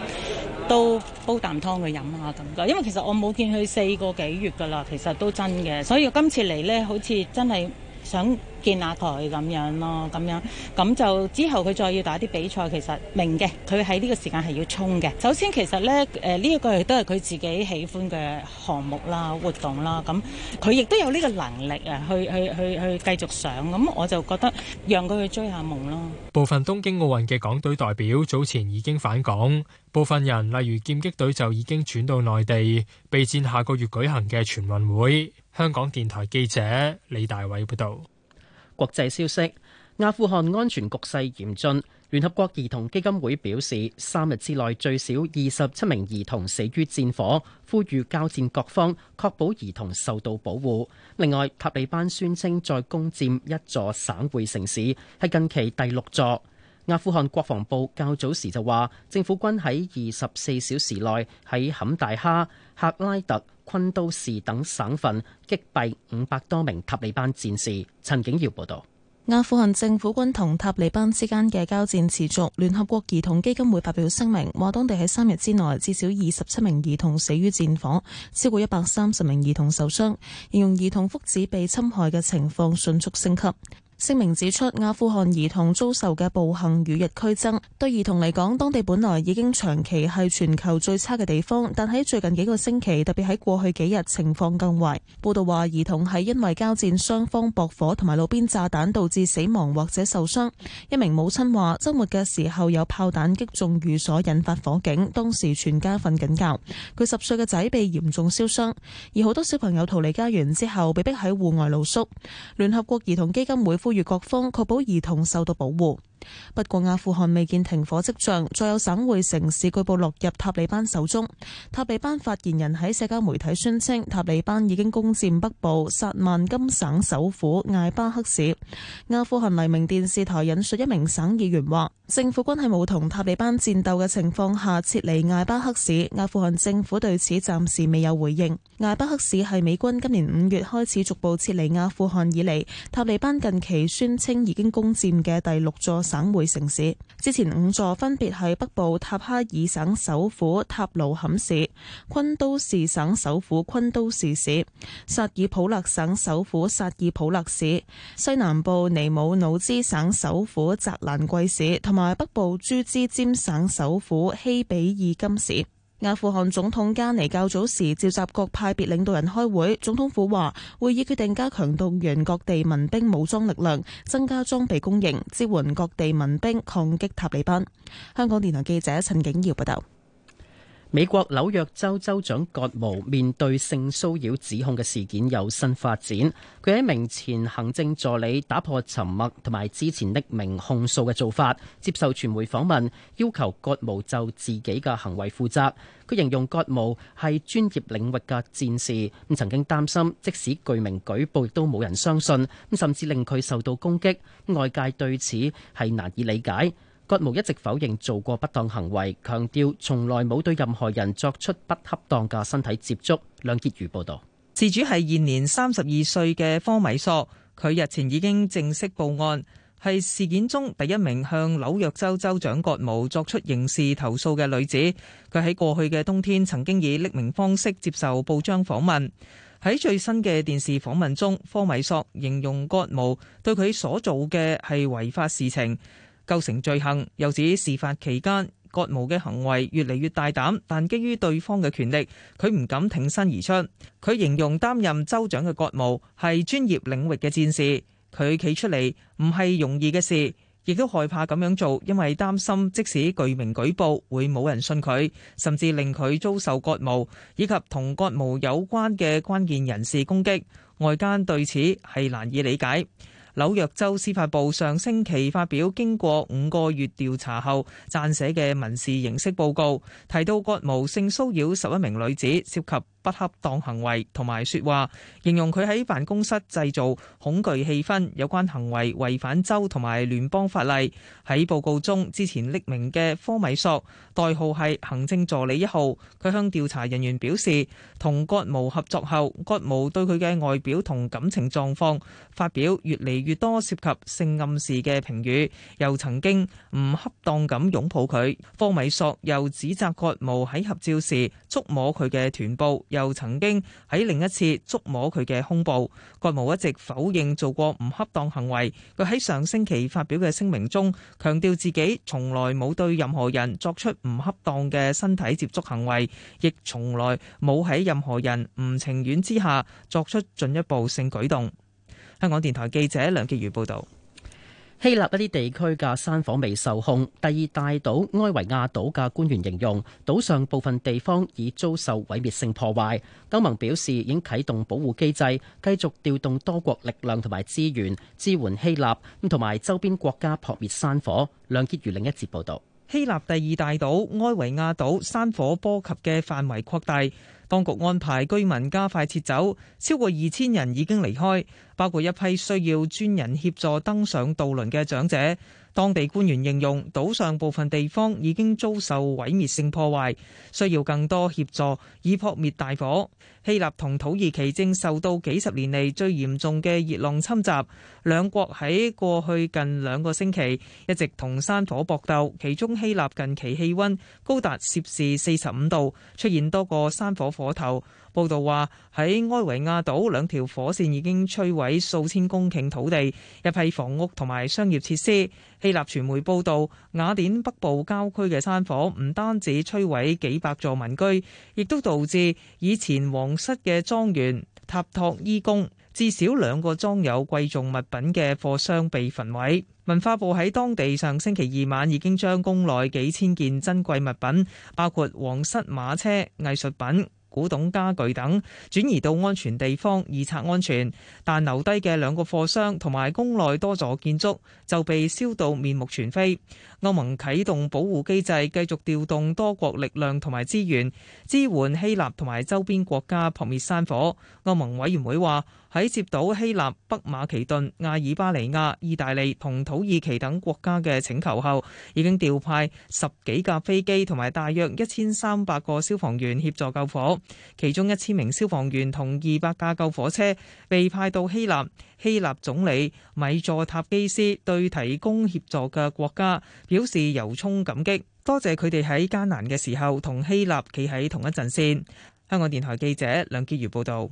都煲啖湯去飲下咁噶。因為其實我冇見佢四個幾月噶啦，其實都真嘅。所以今次嚟咧，好似真係想。見下台咁樣咯。咁樣咁就之後佢再要打啲比賽，其實明嘅，佢喺呢個時間係要衝嘅。首先，其實咧誒呢、呃呢個都係佢自己喜歡嘅項目啦、活動啦。咁佢亦都有呢個能力啊，去去去去繼續上。咁我就覺得讓佢去追下夢咯。部分東京奧運嘅港隊代表早前已經返港，部分人例如劍擊隊就已經轉到內地備戰下個月舉行嘅全運會。香港電台記者李大偉報道。國際消息，阿富汗安全局勢嚴峻。聯合國兒童基金會表示，三日之內最少二十七名兒童死於戰火，呼籲交戰各方確保兒童受到保護。另外，塔利班宣稱再攻佔一座省會城市，係近期第六座。阿富汗國防部較早時就話，政府軍喺二十四小時內喺坎大哈、赫拉特、昆都士等省份擊斃五百多名塔利班戰士。陳景耀報道。阿富汗政府軍同塔利班之間嘅交戰持續。聯合國兒童基金會發表聲明，話當地喺三日之內至少二十七名兒童死於戰火，超過一百三十名兒童受傷，形容兒童福祉被侵害嘅情況迅速升級。聲明指出，阿富汗兒童遭受嘅暴行與日俱增。對兒童嚟講，當地本來已經長期係全球最差嘅地方，但喺最近幾個星期，特別喺過去幾日，情況更壞。報道話，兒童係因為交戰雙方駁火同埋路邊炸彈導致死亡或者受傷。一名母親話，周末嘅時候有炮彈擊中寓所，引發火警，當時全家瞓緊覺。佢十歲嘅仔被嚴重燒傷，而好多小朋友逃離家園之後，被逼喺戶外露宿。聯合國兒童基金會與各方確保兒童受到保護。不過阿富汗未見停火跡象，再有省會城市據報落入塔利班手中。塔利班發言人喺社交媒體宣稱，塔利班已經攻佔北部薩曼金省首府艾巴克市。阿富汗黎明電視台引述一名省議員話，政府軍喺冇同塔利班戰鬥嘅情況下撤離艾巴克市。阿富汗政府對此暫時未有回應。艾巴克市係美軍今年五月開始逐步撤離阿富汗以嚟，塔利班近期宣稱已經攻佔嘅第六座。省會城市之前五座分別係北部塔哈爾省首府塔魯坎市、昆都士省首府昆都士市、薩爾普勒省首府薩爾普勒市、西南部尼姆魯茲省首府扎蘭貴市同埋北部朱茲詹省首府希比爾金市。阿富汗總統加尼較早時召集各派別領導人開會，總統府話會議決定加強動員各地民兵武裝力量，增加裝備供應，支援各地民兵抗擊塔利班。香港電台記者陳景堯報道。美國紐約州州長葛謨面對性騷擾指控嘅事件有新發展。佢喺名前行政助理打破沉默同埋之前匿名控訴嘅做法，接受傳媒訪問，要求葛謨就自己嘅行為負責。佢形容葛謨係專業領域嘅戰士，咁曾經擔心即使具名舉報亦都冇人相信，咁甚至令佢受到攻擊。外界對此係難以理解。葛毛一直否認做過不當行為，強調從來冇對任何人作出不恰當嘅身體接觸。梁潔如報道，事主係現年三十二歲嘅科米索，佢日前已經正式報案，係事件中第一名向紐約州州長葛毛作出刑事投訴嘅女子。佢喺過去嘅冬天曾經以匿名方式接受報章訪問，喺最新嘅電視訪問中，科米索形容葛毛對佢所做嘅係違法事情。構成罪行，又指事發期間，葛某嘅行為越嚟越大膽，但基於對方嘅權力，佢唔敢挺身而出。佢形容擔任州長嘅葛某係專業領域嘅戰士，佢企出嚟唔係容易嘅事，亦都害怕咁樣做，因為擔心即使具名舉報會冇人信佢，甚至令佢遭受葛某以及同葛某有關嘅關鍵人士攻擊。外間對此係難以理解。紐約州司法部上星期發表經過五個月調查後撰寫嘅民事形式報告，提到葛謨性騷擾十一名女子，涉及不恰當行為同埋説話，形容佢喺辦公室製造恐懼氣氛。有關行為違反州同埋聯邦法例。喺報告中，之前匿名嘅科米索代號係行政助理一號。佢向調查人員表示，同葛謨合作後，葛謨對佢嘅外表同感情狀況發表越嚟越多涉及性暗示嘅評語，又曾經唔恰當咁擁抱佢。科米索又指責葛謨喺合照時觸摸佢嘅臀部。又曾經喺另一次觸摸佢嘅胸部，蓋帽一直否認做過唔恰當行為。佢喺上星期發表嘅聲明中，強調自己從來冇對任何人作出唔恰當嘅身體接觸行為，亦從來冇喺任何人唔情願之下作出進一步性舉動。香港電台記者梁潔如報導。希臘一啲地區嘅山火未受控，第二大島埃維亞島嘅官員形容島上部分地方已遭受毀滅性破壞，歐盟表示已經啟動保護機制，繼續調動多國力量同埋資源支援希臘，咁同埋周邊國家撲滅山火。梁潔如另一節報道，希臘第二大島埃維亞島山火波及嘅範圍擴大。當局安排居民加快撤走，超過二千人已經離開，包括一批需要專人協助登上渡輪嘅長者。當地官員形容，島上部分地方已經遭受毀滅性破壞，需要更多協助以撲滅大火。希臘同土耳其正受到幾十年嚟最嚴重嘅熱浪侵襲，兩國喺過去近兩個星期一直同山火搏鬥，其中希臘近期氣溫高達攝氏四十五度，出現多個山火火頭。報道話喺埃維亞島兩條火線已經摧毀數千公頃土地、一批房屋同埋商業設施。希臘傳媒報導，雅典北部郊區嘅山火唔單止摧毀幾百座民居，亦都導致以前皇室嘅莊園塔托伊宮至少兩個裝有貴重物品嘅貨箱被焚毀。文化部喺當地上星期二晚已經將宮內幾千件珍貴物品，包括皇室馬車、藝術品、古董家具等轉移到安全地方，以策安全，但留低嘅兩個貨箱同埋宮內多座建築就被燒到面目全非。歐盟啟動保護機制，繼續調動多國力量同埋資源支援希臘同埋周邊國家撲滅山火。歐盟委員會話。喺接到希臘、北馬其頓、亞爾巴尼亞、意大利同土耳其等國家嘅請求後，已經調派十幾架飛機同埋大約一千三百個消防員協助救火，其中一千名消防員同二百架救火車被派到希臘。希臘總理米佐塔基斯對提供協助嘅國家表示由衷感激，多謝佢哋喺艱難嘅時候同希臘企喺同一陣線。香港電台記者梁潔如報導。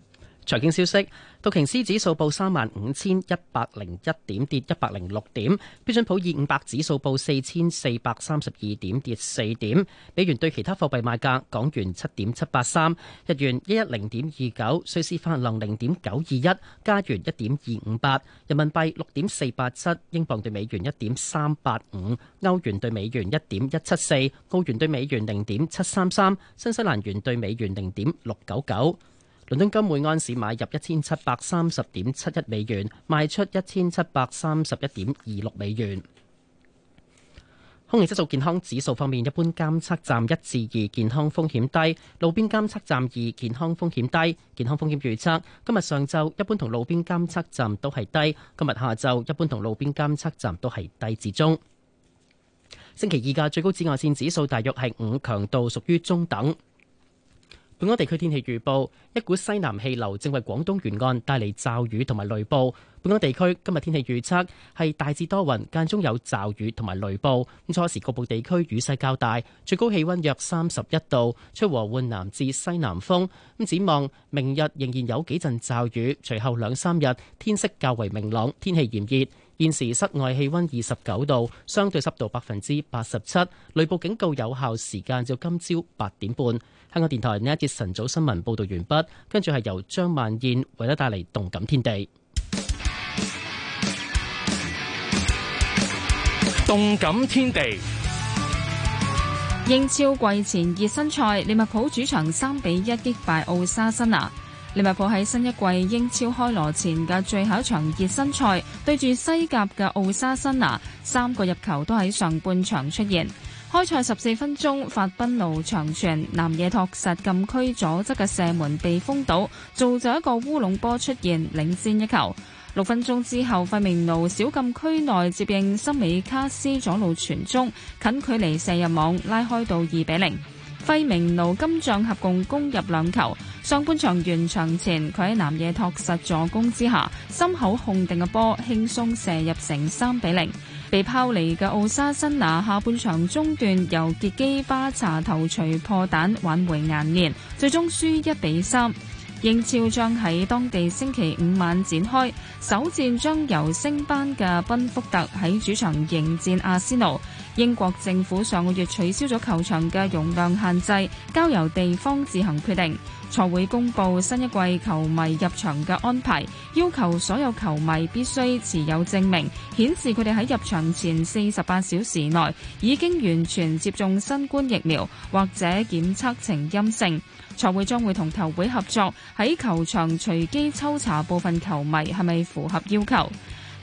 財經消息：道瓊斯指數報三萬五千一百零一點，跌一百零六點；標準普爾五百指數報四千四百三十二點，跌四點。美元對其他貨幣賣價：港元七點七八三，日元一一零點二九，瑞士法郎零點九二一，加元一點二五八，人民幣六點四八七，英鎊對美元一點三八五，歐元對美元一點一七四，澳元對美元零點七三三，新西蘭元對美元零點六九九。倫敦金每安士買入一千七百三十點七一美元，賣出一千七百三十一點二六美元。空氣質素健康指數方面，一般監測站一至二，健康風險低；路邊監測站二，健康風險低。健康風險預測：今日上晝一般同路邊監測站都係低；今日下晝一般同路邊監測站都係低至中。星期二嘅最高紫外線指數大約係五，強度屬於中等。本港地區天氣預報，一股西南氣流正為廣東沿岸帶嚟驟雨同埋雷暴。本港地區今日天氣預測係大致多雲，間中有驟雨同埋雷暴。咁初時局部地區雨勢較大，最高氣温約三十一度，吹和緩南至西南風。咁展望明日仍然有幾陣驟雨，隨後兩三日天色較為明朗，天氣炎熱。現時室外氣溫二十九度，相對濕度百分之八十七，雷暴警告有效時間就今朝八點半。香港電台呢一節晨早新聞報道完畢，跟住係由張萬燕為大家帶嚟動感天地。動感天地，英超季前熱身賽，利物浦主場三比一擊敗奧沙辛拿。利物浦喺新一季英超開鑼前嘅最後一場熱身賽，對住西甲嘅奧沙辛拿，三個入球都喺上半場出現。開賽十四分鐘，法賓奴長傳，南野拓實禁區左側嘅射門被封堵，造就一個烏龍波出現，領先一球。六分鐘之後，費明奴小禁區內接應森美卡斯左路傳中，近距離射入網，拉開到二比零。費明奴今仗合共攻入兩球，上半場完場前，佢喺南野拓實助攻之下，心口控定嘅波輕鬆射入成三比零。被拋離嘅奧沙辛拿下半場中段由傑基巴查頭錘破蛋挽回顏面，最終輸一比三。英超將喺當地星期五晚展開，首戰將由升班嘅賓福特喺主場迎戰阿仙奴。英國政府上個月取消咗球場嘅容量限制，交由地方自行決定。賽會公布新一季球迷入場嘅安排，要求所有球迷必須持有證明，顯示佢哋喺入場前四十八小時內已經完全接種新冠疫苗或者檢測呈陰性。賽會將會同球會合作，喺球場隨機抽查部分球迷係咪符合要求。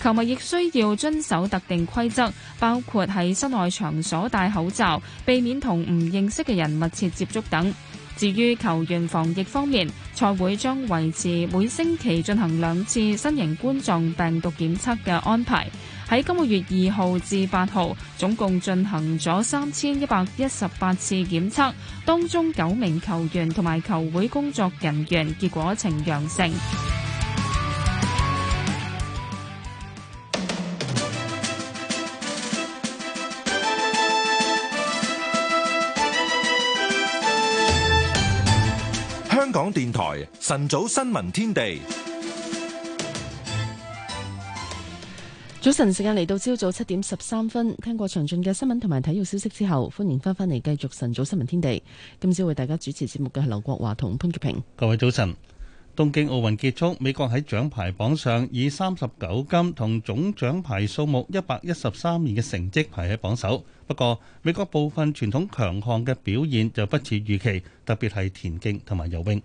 球迷亦需要遵守特定規則，包括喺室內場所戴口罩、避免同唔認識嘅人密切接觸等。至於球員防疫方面，賽會將維持每星期進行兩次新型冠狀病毒檢測嘅安排。喺今個月二號至八號，總共進行咗三千一百一十八次檢測，當中九名球員同埋球會工作人員結果呈陽性。電台晨早新聞天地，早晨時間嚟到，朝早七點十三分，聽過詳盡嘅新聞同埋體育消息之後，歡迎翻返嚟繼續晨早新聞天地。今朝為大家主持節目嘅係劉國華同潘潔平，各位早晨。東京奧運結束，美國喺獎牌榜上以三十九金同總獎牌數目一百一十三面嘅成績排喺榜首。不過，美國部分傳統強項嘅表現就不似預期，特別係田徑同埋游泳。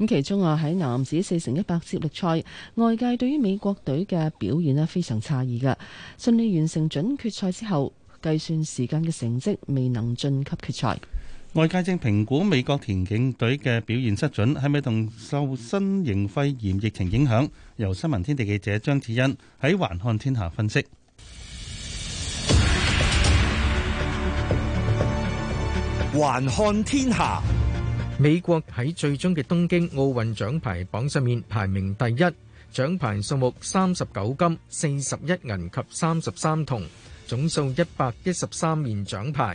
咁其中啊喺男子四乘一百接力賽，外界對於美國隊嘅表現咧非常詫異嘅。順利完成準決賽之後，計算時間嘅成績未能晉級決賽。外界正評估美國田徑隊嘅表現失準，係咪同受新型肺炎疫情影響？由新聞天地記者張子欣喺《環看天下》分析。環看天下，美國喺最終嘅東京奧運獎牌榜上面排名第一，獎牌數目三十九金、四十一銀及三十三銅，總數一百一十三面獎牌。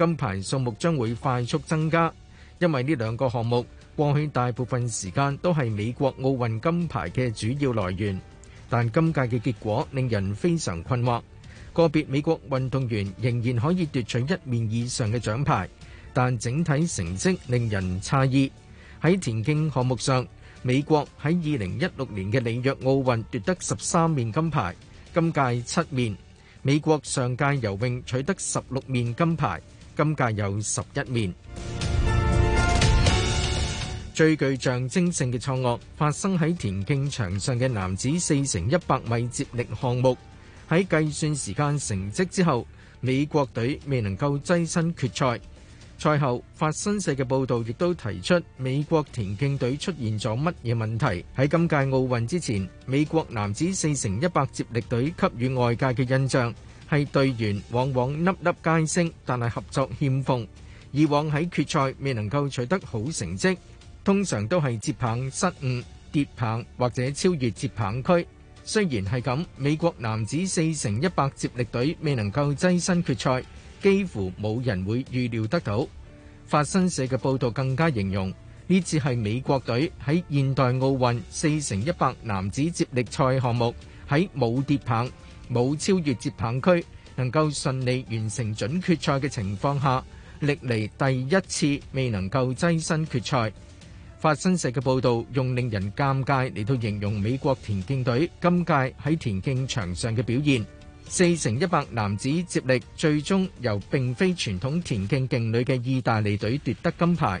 金牌數目將會快速增加，因為呢兩個項目過去大部分時間都係美國奧運金牌嘅主要來源。但今屆嘅結果令人非常困惑。個別美國運動員仍然可以奪取一面以上嘅獎牌，但整體成績令人詫異。喺田徑項目上，美國喺二零一六年嘅里約奧運奪得十三面金牌，今屆七面。美國上屆游泳取得十六面金牌。今屆有十一面，最具象徵性嘅錯愕發生喺田徑場上嘅男子四乘一百米接力項目，喺計算時間成績之後，美國隊未能夠躋身決賽。賽後，法新社嘅報道亦都提出美國田徑隊出現咗乜嘢問題。喺今屆奧運之前，美國男子四乘一百接力隊給予外界嘅印象。係隊員往往粒粒皆勝，但係合作欠奉。以往喺決賽未能夠取得好成績，通常都係接棒失誤、跌棒或者超越接棒區。雖然係咁，美國男子四乘一百接力隊未能夠躋身決賽，幾乎冇人會預料得到。法新社嘅報導更加形容呢次係美國隊喺現代奧運四乘一百男子接力賽項目喺冇跌棒，冇超越接棒區，能夠順利完成準決賽嘅情況下，歷嚟第一次未能夠躋身決賽。法新社嘅報導用令人尷尬嚟到形容美國田徑隊今屆喺田徑場上嘅表現。四乘一百男子接力最終由並非傳統田徑勁旅嘅意大利隊奪得金牌。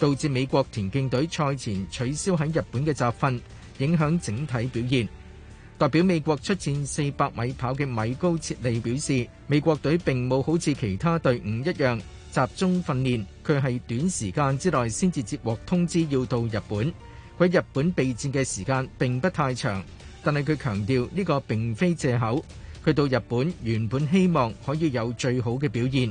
導致美國田徑隊賽前取消喺日本的集訓，影響整體表現。代表美國出戰400米跑的米高切利表示，美國隊並冇好似其他隊伍一樣，集中訓練，佢係短時間之內先至接獲通知要到日本，佢喺日本備戰的時間並不太長，但係佢強調呢個並非藉口，佢到日本原本希望可以有最好的表現。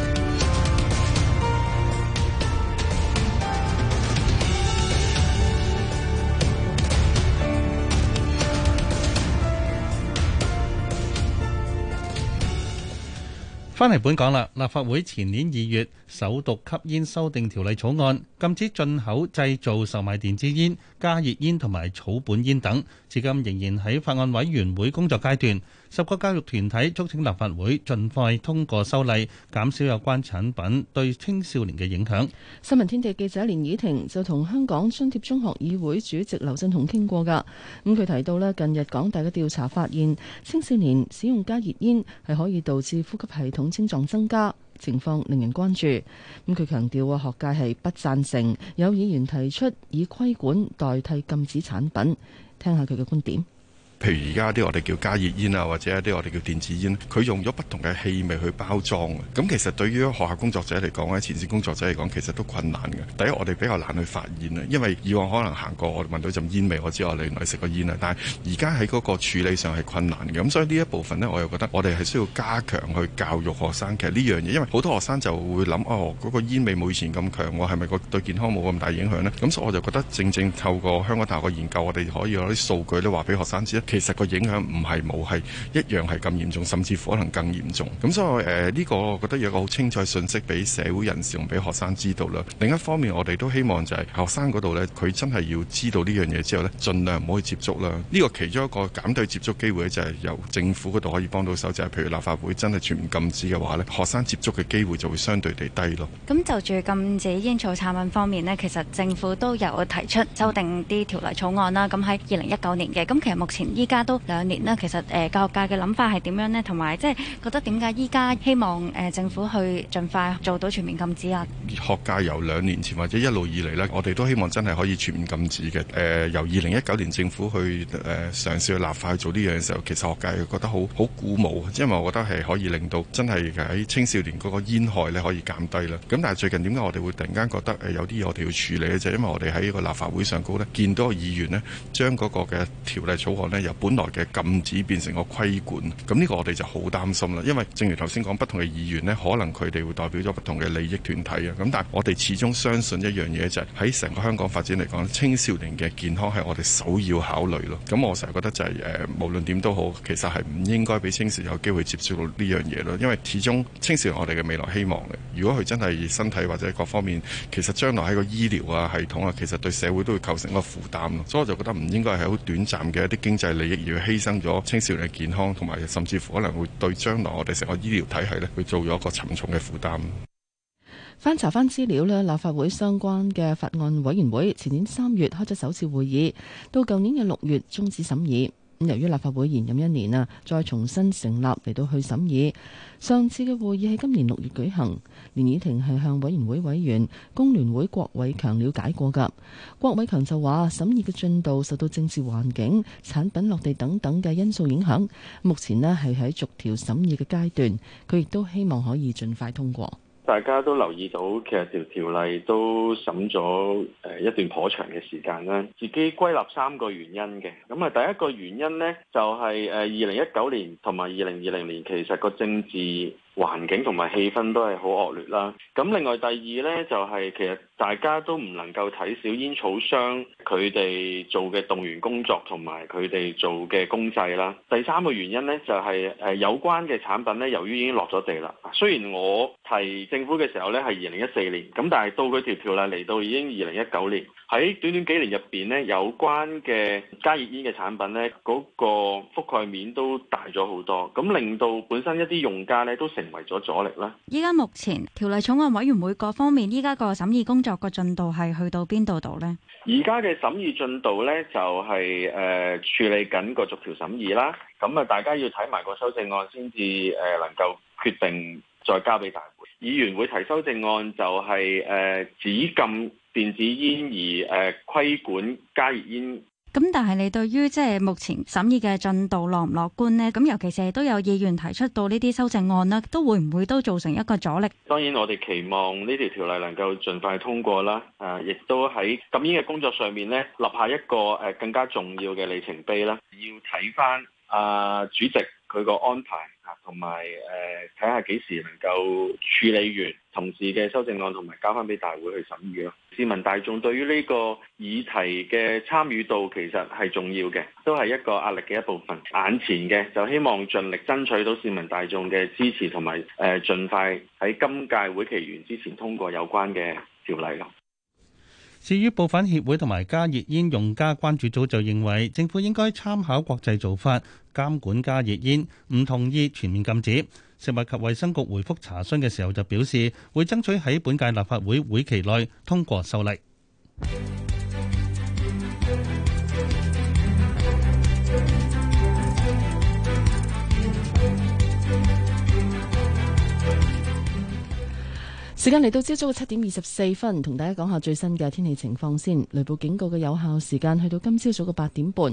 返嚟本港啦！立法會前年二月首讀吸煙修訂條例草案。禁止進口製造、售賣電子煙、加熱煙同埋草本煙等，至今仍然喺法案委員會工作階段。十個教育團體促請立法會盡快通過修例，減少有關產品對青少年嘅影響。新聞天地記者連以婷就同香港津貼中學議會主席劉振雄傾過㗎，咁、嗯、佢提到咧，近日港大嘅調查發現，青少年使用加熱煙係可以導致呼吸系統症狀增加。情況令人關注，咁佢強調話學界係不贊成，有議員提出以規管代替禁止產品，聽下佢嘅觀點。譬如而家啲我哋叫加熱煙啊，或者一啲我哋叫電子煙，佢用咗不同嘅氣味去包裝。咁其實對於學校工作者嚟講，咧，前線工作者嚟講，其實都困難嘅。第一，我哋比較難去發現啦，因為以往可能行過，我聞到陣煙味，我知我哋原來食過煙啦。但係而家喺嗰個處理上係困難嘅。咁所以呢一部分呢，我又覺得我哋係需要加強去教育學生。其實呢樣嘢，因為好多學生就會諗哦，嗰個煙味冇以前咁強，我係咪個對健康冇咁大影響呢？」咁所以我就覺得正正透過香港大學嘅研究，我哋可以有啲數據都話俾學生知。其實個影響唔係冇，係一樣係咁嚴重，甚至乎可能更嚴重。咁所以誒，呢、呃這個我覺得有個好清楚信息俾社會人士同俾學生知道啦。另一方面，我哋都希望就係學生嗰度呢，佢真係要知道呢樣嘢之後呢，盡量唔好去接觸啦。呢、這個其中一個減低接觸機會就係由政府嗰度可以幫到手，就係、是、譬如立法會真係全面禁止嘅話呢，學生接觸嘅機會就會相對地低咯。咁就住禁止煙草產品方面呢，其實政府都有提出修訂啲條例草案啦。咁喺二零一九年嘅，咁其實目前。依家都兩年啦，其實誒教育界嘅諗法係點樣咧？同埋即係覺得點解依家希望誒政府去盡快做到全面禁止啊？學界由兩年前或者一路以嚟咧，我哋都希望真係可以全面禁止嘅。誒、呃、由二零一九年政府去誒嘗試去立法去做呢樣嘅時候，其實學界覺得好好鼓舞，因為我覺得係可以令到真係喺青少年嗰個煙害咧可以減低啦。咁但係最近點解我哋會突然間覺得誒有啲嘢我哋要處理嘅就係、是、因為我哋喺個立法會上高咧見到個議員咧將嗰個嘅條例草案咧本來嘅禁止變成個規管，咁呢個我哋就好擔心啦。因為正如頭先講不同嘅議員咧，可能佢哋會代表咗不同嘅利益團體啊。咁但係我哋始終相信一樣嘢就係喺成個香港發展嚟講，青少年嘅健康係我哋首要考慮咯。咁我成日覺得就係、是、誒無論點都好，其實，係唔應該俾青少有機會接觸到呢樣嘢咯。因為始終青少年我哋嘅未來希望嘅，如果佢真係身體或者各方面，其實將來喺個醫療啊系統啊，其實對社會都會構成一個負擔咯。所以我就覺得唔應該係好短暫嘅一啲經濟，利益而犧牲咗青少年嘅健康，同埋甚至乎可能會對將來我哋成個醫療體系咧，會做咗一個沉重嘅負擔。翻查翻資料咧，立法會相關嘅法案委員會前年三月開咗首次會議，到舊年嘅六月終止審議。由於立法會延任一年啊，再重新成立嚟到去審議。上次嘅會議喺今年六月舉行，連議庭係向委員會委員、工聯會郭偉強了解過㗎。郭偉強就話審議嘅進度受到政治環境、產品落地等等嘅因素影響，目前呢，係喺逐條審議嘅階段，佢亦都希望可以盡快通過。大家都留意到，其實條條例都審咗誒一段頗長嘅時間啦。自己歸納三個原因嘅，咁啊第一個原因呢，就係誒二零一九年同埋二零二零年，其實個政治環境同埋氣氛都係好惡劣啦。咁另外第二呢，就係其實。大家都唔能夠睇小煙草商佢哋做嘅動員工作同埋佢哋做嘅公制啦。第三個原因咧，就係、是、誒有關嘅產品咧，由於已經落咗地啦。雖然我提政府嘅時候咧係二零一四年，咁但係到嗰條條例嚟，到已經二零一九年。喺短短幾年入邊咧，有關嘅加熱煙嘅產品咧，嗰、那個覆蓋面都大咗好多，咁令到本身一啲用家咧都成為咗阻力啦。依家，目前條例草案委員會各方面依家個審議工作。個進度係去到邊度度呢？而家嘅審議進度呢，就係誒處理緊個逐條審議啦。咁啊，大家要睇埋個修正案先至誒能夠決定再交俾大會。議員會提修正案就係誒只禁電子煙而誒規管加熱煙。咁但係你對於即係目前審議嘅進度樂唔樂觀呢？咁尤其是都有議員提出到呢啲修正案啦，都會唔會都造成一個阻力？當然我哋期望呢條條例能夠盡快通過啦。誒、啊，亦都喺咁樣嘅工作上面呢，立下一個誒更加重要嘅里程碑啦。要睇翻啊，主席。佢個安排啊，同埋誒睇下幾時能夠處理完同事嘅修正案，同埋交翻俾大會去審議咯。市民大眾對於呢個議題嘅參與度其實係重要嘅，都係一個壓力嘅一部分。眼前嘅就希望盡力爭取到市民大眾嘅支持，同埋誒盡快喺今屆會期完之前通過有關嘅條例咯。至於部分協會同埋加熱煙用家關注組就認為，政府應該參考國際做法。監管加熱煙，唔同意全面禁止，食物及衛生局回覆查詢嘅時候就表示，會爭取喺本屆立法會會期內通過修例。時間嚟到朝早嘅七點二十四分，同大家講下最新嘅天氣情況先。雷暴警告嘅有效時間去到今朝早嘅八點半。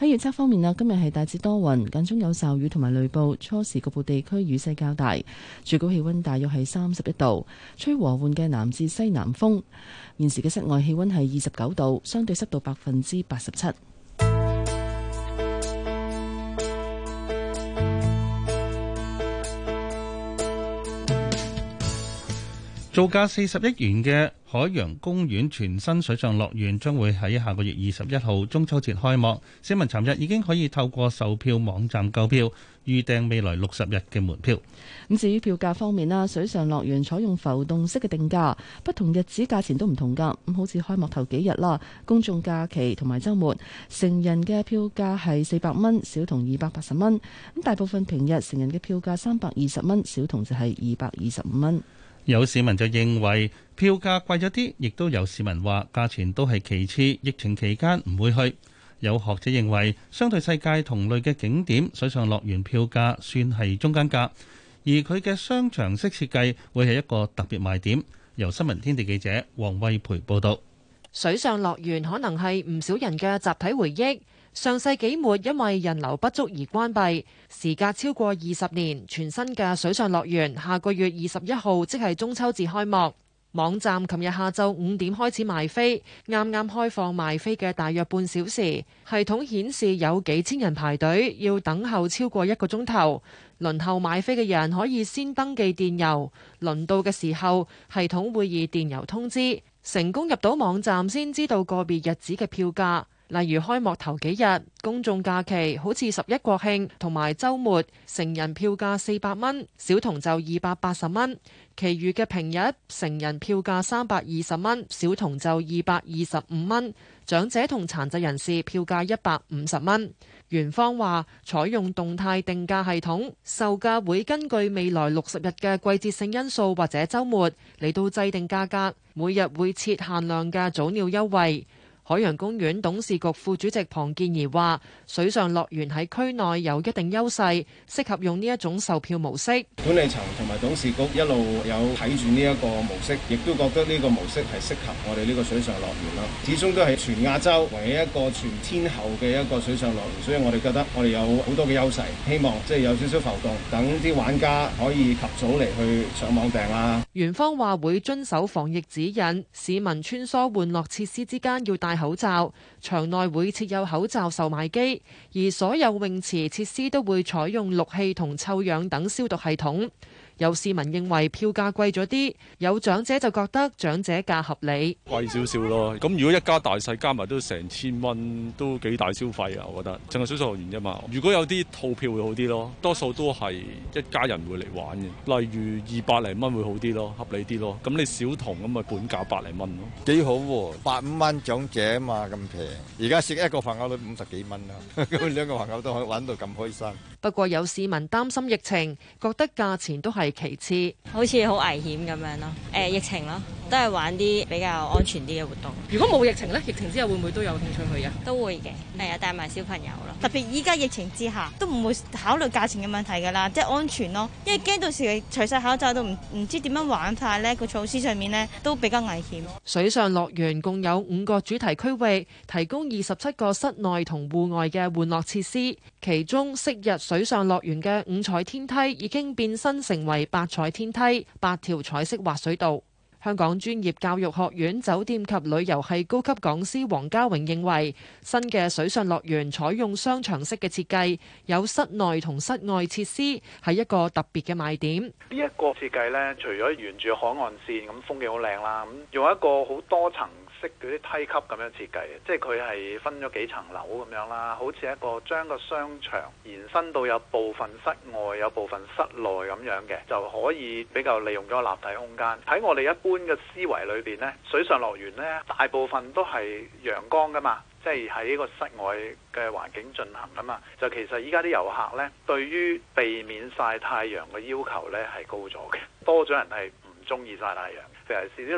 喺預測方面啊，今日係大致多雲，間中有驟雨同埋雷暴，初時局部地區雨勢較大。最高氣溫大約係三十一度，吹和緩嘅南至西南風。現時嘅室外氣溫係二十九度，相對濕度百分之八十七。造價四十億元嘅海洋公園全新水上樂園將會喺下個月二十一號中秋節開幕。市民尋日已經可以透過售票網站購票預訂未來六十日嘅門票。咁至於票價方面啦，水上樂園採用浮動式嘅定價，不同日子價錢都唔同噶。咁好似開幕頭幾日啦，公眾假期同埋週末成人嘅票價係四百蚊，小童二百八十蚊。咁大部分平日成人嘅票價三百二十蚊，小童就係二百二十五蚊。有市民就認為票價貴咗啲，亦都有市民話價錢都係其次。疫情期間唔會去。有學者認為，相對世界同類嘅景點，水上樂園票價算係中間價，而佢嘅商場式設計會係一個特別賣點。由新聞天地記者黃惠培報道。水上樂園可能係唔少人嘅集體回憶。上世紀末因為人流不足而關閉，時隔超過二十年，全新嘅水上樂園下個月二十一號即係中秋節開幕。網站琴日下晝五點開始賣飛，啱啱開放賣飛嘅大約半小時，系統顯示有幾千人排隊，要等候超過一個鐘頭。輪候買飛嘅人可以先登記電郵，輪到嘅時候系統會以電郵通知。成功入到網站先知道個別日子嘅票價。例如開幕頭幾日，公眾假期好似十一國慶同埋週末，成人票價四百蚊，小童就二百八十蚊。其餘嘅平日，成人票價三百二十蚊，小童就二百二十五蚊。長者同殘疾人士票價一百五十蚊。園方話採用動態定價系統，售價會根據未來六十日嘅季節性因素或者週末嚟到制定價格。每日會設限量嘅早鳥優惠。海洋公園董事局副主席龐建儀話，水上樂園喺區內有一定優勢，適合用呢一種售票模式。管理層同埋董事局一路有睇住呢一個模式，亦都覺得呢個模式係適合我哋呢個水上樂園咯。始終都係全亞洲唯一一個全天候嘅一個水上樂園，所以我哋覺得我哋有好多嘅優勢，希望即係有少少浮動，等啲玩家可以及早嚟去上網訂啦、啊。園方話會遵守防疫指引，市民穿梭玩樂設施之間要戴口罩，場內會設有口罩售賣機，而所有泳池設施都會採用氯氣同臭氧等消毒系統。有市民認為票價貴咗啲，有長者就覺得長者價合理，貴少少咯。咁如果一家大細加埋都成千蚊，都幾大消費啊！我覺得淨係小小樂園啫嘛。如果有啲套票會好啲咯，多數都係一家人會嚟玩嘅。例如二百零蚊會好啲咯，合理啲咯。咁你小童咁咪半價百零蚊咯，幾好喎、啊！百五蚊長者啊嘛咁平，而家食一個朋友都五十幾蚊啦，兩個朋友都可以玩到咁開心。 不過有市民擔心疫情，覺得價錢都係。係其次，好似好危險咁樣咯，誒、呃，疫情咯。都係玩啲比較安全啲嘅活動。如果冇疫情呢，疫情之後會唔會都有興趣去啊？都會嘅，係啊，帶埋小朋友咯。特別依家疫情之下，都唔會考慮價錢嘅問題㗎啦，即係安全咯，因為驚到時除晒口罩都唔唔知點樣玩法，呢個措施上面呢，都比較危險。水上樂園共有五個主題區域，提供二十七個室內同戶外嘅玩樂設施。其中，昔日水上樂園嘅五彩天梯已經變身成為八彩天梯，八條彩色滑水道。香港專業教育學院酒店及旅遊系高級講師黃家榮認為，新嘅水上樂園採用商場式嘅設計，有室內同室外設施，係一個特別嘅賣點。呢一個設計呢，除咗沿住海岸線咁風景好靚啦，咁用一個好多層。即嗰啲梯級咁樣設計嘅，即係佢係分咗幾層樓咁樣啦，好似一個將個商場延伸到有部分室外、有部分室內咁樣嘅，就可以比較利用咗立體空間。喺我哋一般嘅思維裏邊呢，水上樂園呢，大部分都係陽光㗎嘛，即係喺個室外嘅環境進行㗎嘛。就其實依家啲遊客呢，對於避免曬太陽嘅要求呢係高咗嘅，多咗人係唔中意曬太陽。尤其是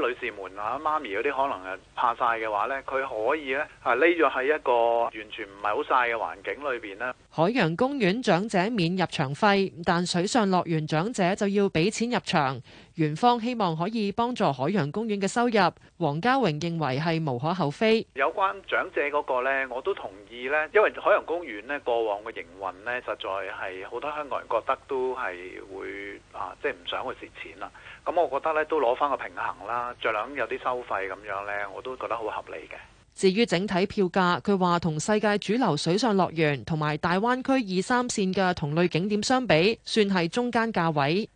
啲女士們啊，媽咪嗰啲可能啊怕曬嘅話呢，佢可以呢，啊匿咗喺一個完全唔係好曬嘅環境裏邊咧。海洋公園長者免入場費，但水上樂園長者就要俾錢入場。園方希望可以幫助海洋公園嘅收入。黃家榮認為係無可厚非。有關長者嗰個呢，我都同意呢，因為海洋公園呢，過往嘅營運呢，實在係好多香港人覺得都係會啊，即係唔想去蝕錢啦。咁我覺得呢，都攞翻個平衡啦，儘量有啲收費咁樣呢，我都覺得好合理嘅。至於整體票價，佢話同世界主流水上樂園同埋大灣區二三線嘅同類景點相比，算係中間價位。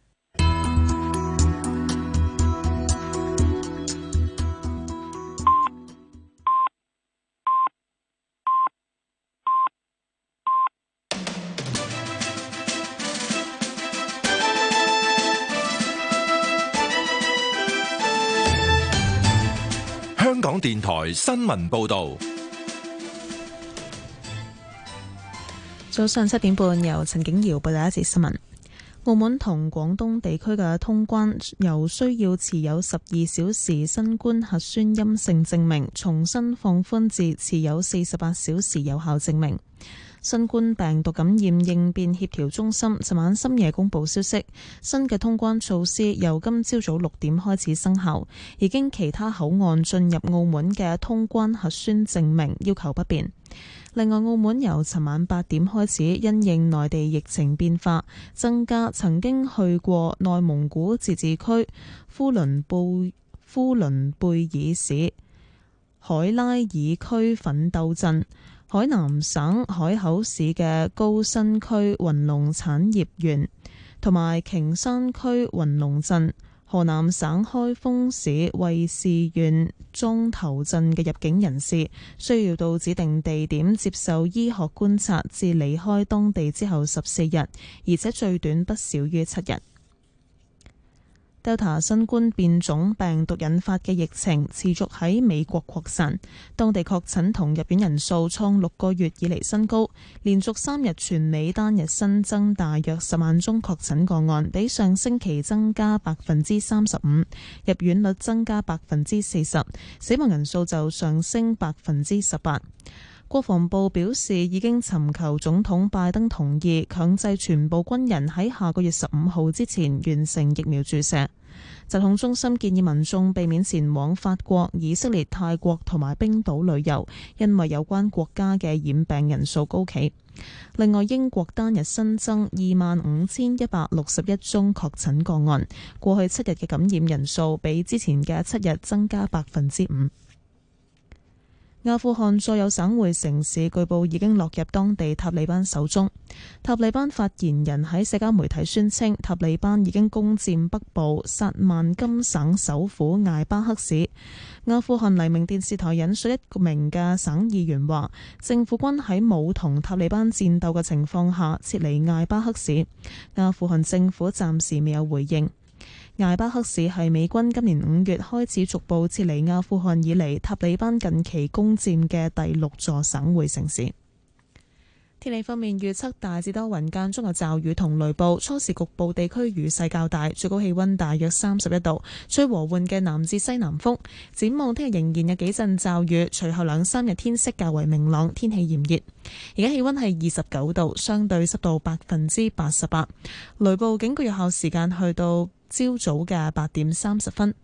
香港電台新聞報道，早上七點半，由陳景瑤報道一次新聞。澳門同廣東地區嘅通關由需要持有十二小時新冠核酸陰性證明，重新放寬至持有四十八小時有效證明。新冠病毒感染應變協調中心尋晚深夜公布消息，新嘅通關措施由今朝早六點開始生效，而經其他口岸進入澳門嘅通關核酸證明要求不變。另外，澳門由尋晚八點開始，因應內地疫情變化，增加曾經去過內蒙古自治區呼倫貝呼倫貝爾市海拉爾區奮鬥鎮。海南省海口市嘅高新區雲龍產業園同埋瓊山區雲龍鎮，河南省開封市尉氏縣莊頭鎮嘅入境人士，需要到指定地點接受醫學觀察，至離開當地之後十四日，而且最短不少於七日。Delta 新冠變種病毒引發嘅疫情持續喺美國擴散，當地確診同入院人數創六個月以嚟新高，連續三日全美單日新增大約十萬宗確診個案，比上星期增加百分之三十五，入院率增加百分之四十，死亡人數就上升百分之十八。國防部表示，已經尋求總統拜登同意，強制全部軍人喺下個月十五號之前完成疫苗注射。疾控中心建議民眾避免前往法國、以色列、泰國同埋冰島旅遊，因為有關國家嘅染病人數高企。另外，英國單日新增二萬五千一百六十一宗確診個案，過去七日嘅感染人數比之前嘅七日增加百分之五。.阿富汗再有省會城市據報已經落入當地塔利班手中。塔利班發言人喺社交媒體宣稱，塔利班已經攻占北部薩曼金省首府艾巴克市。阿富汗黎明電視台引述一名嘅省議員話，政府軍喺冇同塔利班戰鬥嘅情況下撤離艾巴克市。阿富汗政府暫時未有回應。艾巴克市係美軍今年五月開始逐步撤離阿富汗以嚟，塔利班近期攻占嘅第六座省會城市。天氣方面，預測大致多雲間中有驟雨同雷暴，初時局部地區雨勢較大，最高氣溫大約三十一度，吹和緩嘅南至西南風。展望聽日仍然有幾陣驟雨，隨後兩三日天色較為明朗，天氣炎熱。而家氣溫係二十九度，相對濕度百分之八十八，雷暴警告有效時間去到。朝早嘅八點三十分，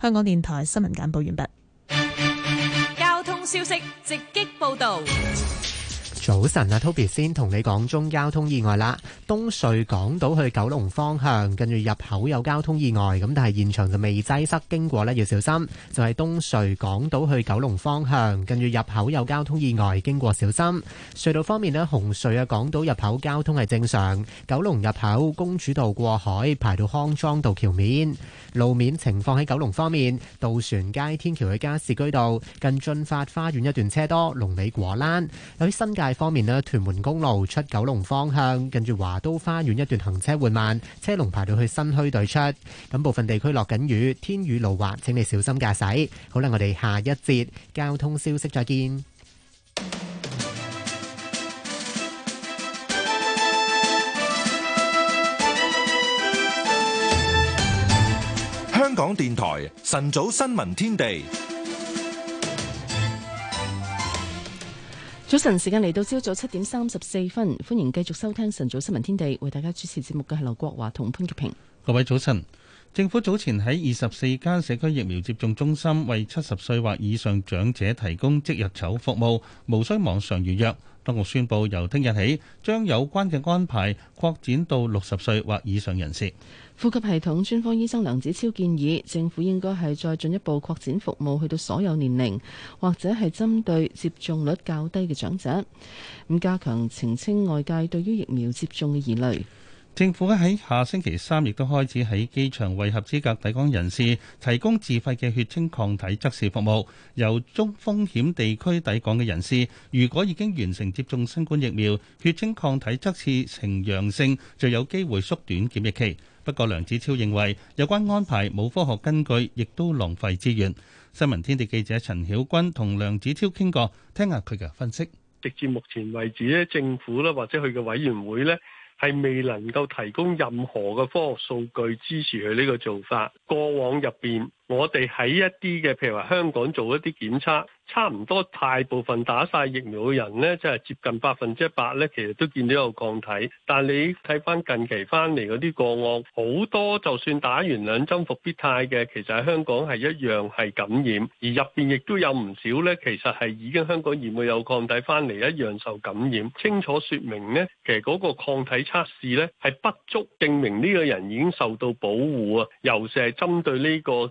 香港電台新聞簡報完畢。交通消息，直擊報導。早晨啊，Toby 先同你講中交通意外啦。東隧港島去九龍方向，近住入口有交通意外，咁但係現場就未擠塞，經過呢要小心。就係東隧港島去九龍方向，近住入口有交通意外，經過小心。隧道方面呢，紅隧啊港島入口交通係正常，九龍入口公主道過海排到康莊道橋面，路面情況喺九龍方面，渡船街天橋嘅加士居道近駿發花園一段車多，龍尾果欄，有喺新界。方面咧，屯門公路出九龍方向，跟住華都花園一段行車緩慢，車龍排到去新墟對出。咁部分地區落緊雨，天雨路滑，請你小心駕駛。好啦，我哋下一節交通消息再見。香港電台晨早新聞天地。早晨，時間嚟到朝早七點三十四分，歡迎繼續收聽晨早新聞天地，為大家主持節目嘅係劉國華同潘潔平。各位早晨，政府早前喺二十四間社區疫苗接種中心為七十歲或以上長者提供即日籌服務，無需網上預約。當局宣布由聽日起，將有關嘅安排擴展到六十歲或以上人士。呼吸系統專科醫生梁子超建議，政府應該係再進一步擴展服務，去到所有年齡，或者係針對接種率較低嘅長者，咁加強澄清外界對於疫苗接種嘅疑慮。政府喺下星期三亦都開始喺機場為合資格抵港人士提供自費嘅血清抗體測試服務。由中風險地區抵港嘅人士，如果已經完成接種新冠疫苗，血清抗體測試呈陽性，就有機會縮短檢疫期。不過，梁子超認為有關安排冇科學根據，亦都浪費資源。新聞天地記者陳曉君同梁子超傾過，聽下佢嘅分析。直至目前為止咧，政府咧或者佢嘅委員會咧，係未能夠提供任何嘅科學數據支持佢呢個做法。過往入面，我哋喺一啲嘅，譬如話香港做一啲檢測，差唔多大部分打晒疫苗嘅人咧，即係接近百分之一百咧，其實都見到有抗體。但係你睇翻近期翻嚟嗰啲個案，好多就算打完兩針伏必泰嘅，其實喺香港係一樣係感染。而入邊亦都有唔少咧，其實係已經香港驗到有，有抗體翻嚟，一樣受感染。清楚說明咧，其實嗰個抗體測試咧係不足證明呢個人已經受到保護啊，尤其係針對呢個。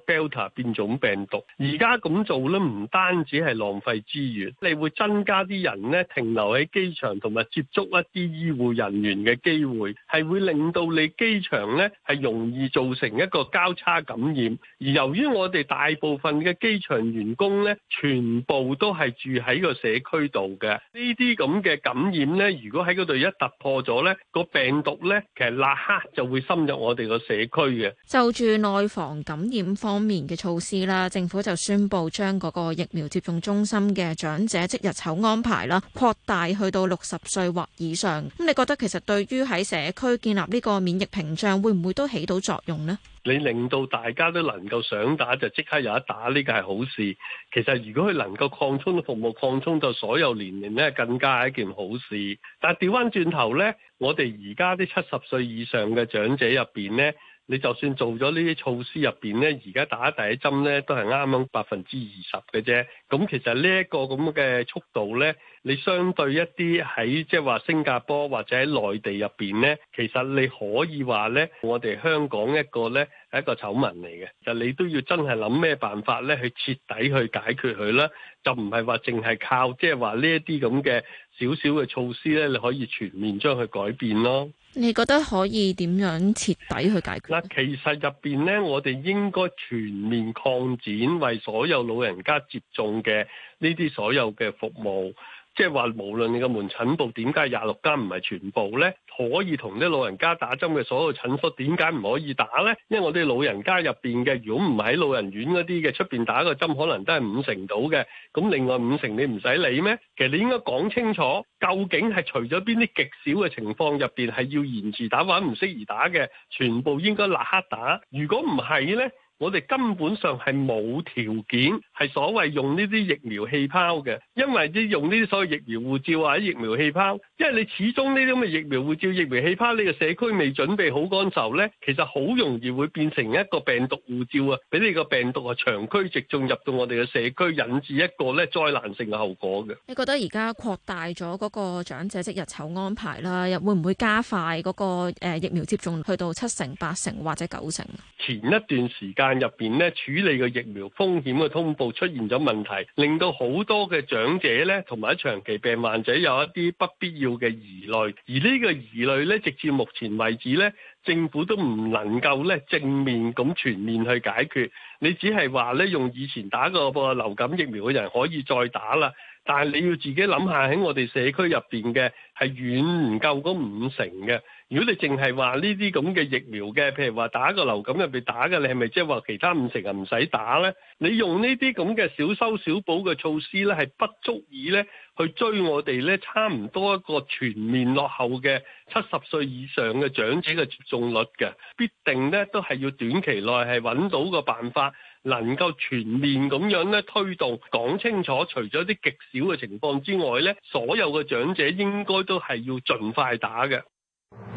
變種病毒，而家咁做咧，唔單止係浪費資源，你會增加啲人咧停留喺機場同埋接觸一啲醫護人員嘅機會，係會令到你機場咧係容易造成一個交叉感染。而由於我哋大部分嘅機場員工咧，全部都係住喺個社區度嘅，呢啲咁嘅感染咧，如果喺嗰度一突破咗咧，個病毒咧，其實立刻就會深入我哋個社區嘅。就住內防感染方面。年嘅措施啦，政府就宣佈將嗰個疫苗接種中心嘅長者即日籌安排啦，擴大去到六十歲或以上。咁你覺得其實對於喺社區建立呢個免疫屏障，會唔會都起到作用呢？你令到大家都能夠想打就即刻有得打，呢個係好事。其實如果佢能夠擴充服務、擴充到所有年齡咧，更加係一件好事。但係調翻轉頭咧，我哋而家啲七十歲以上嘅長者入邊咧。你就算做咗呢啲措施入邊咧，而家打第一針咧都係啱啱百分之二十嘅啫。咁其實呢一個咁嘅速度咧，你相對一啲喺即係話新加坡或者喺內地入邊咧，其實你可以話咧，我哋香港一個咧。係一個醜聞嚟嘅，就你都要真係諗咩辦法咧，去徹底去解決佢啦，就唔係話淨係靠，即係話呢一啲咁嘅少少嘅措施咧，你可以全面將佢改變咯。你覺得可以點樣徹底去解決？嗱，其實入邊咧，我哋應該全面擴展為所有老人家接種嘅呢啲所有嘅服務。即係話，無論你個門診部點解廿六間唔係全部呢，可以同啲老人家打針嘅所有診所，點解唔可以打呢？因為我哋老人家入邊嘅，如果唔係喺老人院嗰啲嘅，出邊打個針可能都係五成到嘅。咁另外五成你唔使理咩？其實你應該講清楚，究竟係除咗邊啲極少嘅情況入邊係要延遲打或者唔適宜打嘅，全部應該立刻打。如果唔係呢？我哋根本上係冇條件，係所謂用呢啲疫苗氣泡嘅，因為啲用呢啲所謂疫苗護照或者疫苗氣泡，因為你始終呢啲咁嘅疫苗護照、疫苗氣泡，呢個社區未準備好乾濕咧，其實好容易會變成一個病毒護照啊，俾你個病毒啊長驅直進入到我哋嘅社區，引致一個咧災難性嘅後果嘅。你覺得而家擴大咗嗰個長者即日籌安排啦，又會唔會加快嗰個誒疫苗接種去到七成、八成或者九成，前一段時間。但入邊咧處理嘅疫苗風險嘅通報出現咗問題，令到好多嘅長者咧同埋長期病患者有一啲不必要嘅疑慮，而呢個疑慮咧直至目前為止咧，政府都唔能夠咧正面咁全面去解決。你只係話咧用以前打過流感疫苗嘅人可以再打啦，但係你要自己諗下喺我哋社區入邊嘅係遠唔夠嗰五成嘅。如果你淨係話呢啲咁嘅疫苗嘅，譬如話打個流感入邊打嘅，你係咪即係話其他五成啊唔使打咧？你用呢啲咁嘅小修小補嘅措施咧，係不足以咧去追我哋咧差唔多一個全面落後嘅七十歲以上嘅長者嘅接種率嘅，必定咧都係要短期內係揾到個辦法，能夠全面咁樣咧推動。講清楚，除咗啲極少嘅情況之外咧，所有嘅長者應該都係要盡快打嘅。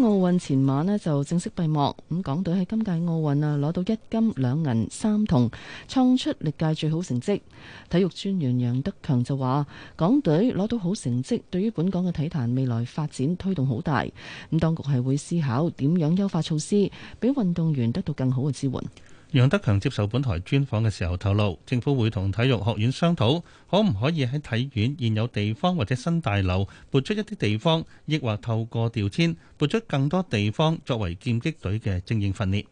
奧運前晚呢就正式閉幕，咁港隊喺今屆奧運啊攞到一金兩銀三銅，創出歷屆最好成績。體育專員楊德強就話，港隊攞到好成績，對於本港嘅體壇未來發展推動好大。咁當局係會思考點樣優化措施，俾運動員得到更好嘅支援。楊德強接受本台專訪嘅時候透露，政府會同體育學院商討，可唔可以喺體院現有地方或者新大樓撥出一啲地方，抑或透過調遷撥出更多地方作為劍擊隊嘅精英訓練。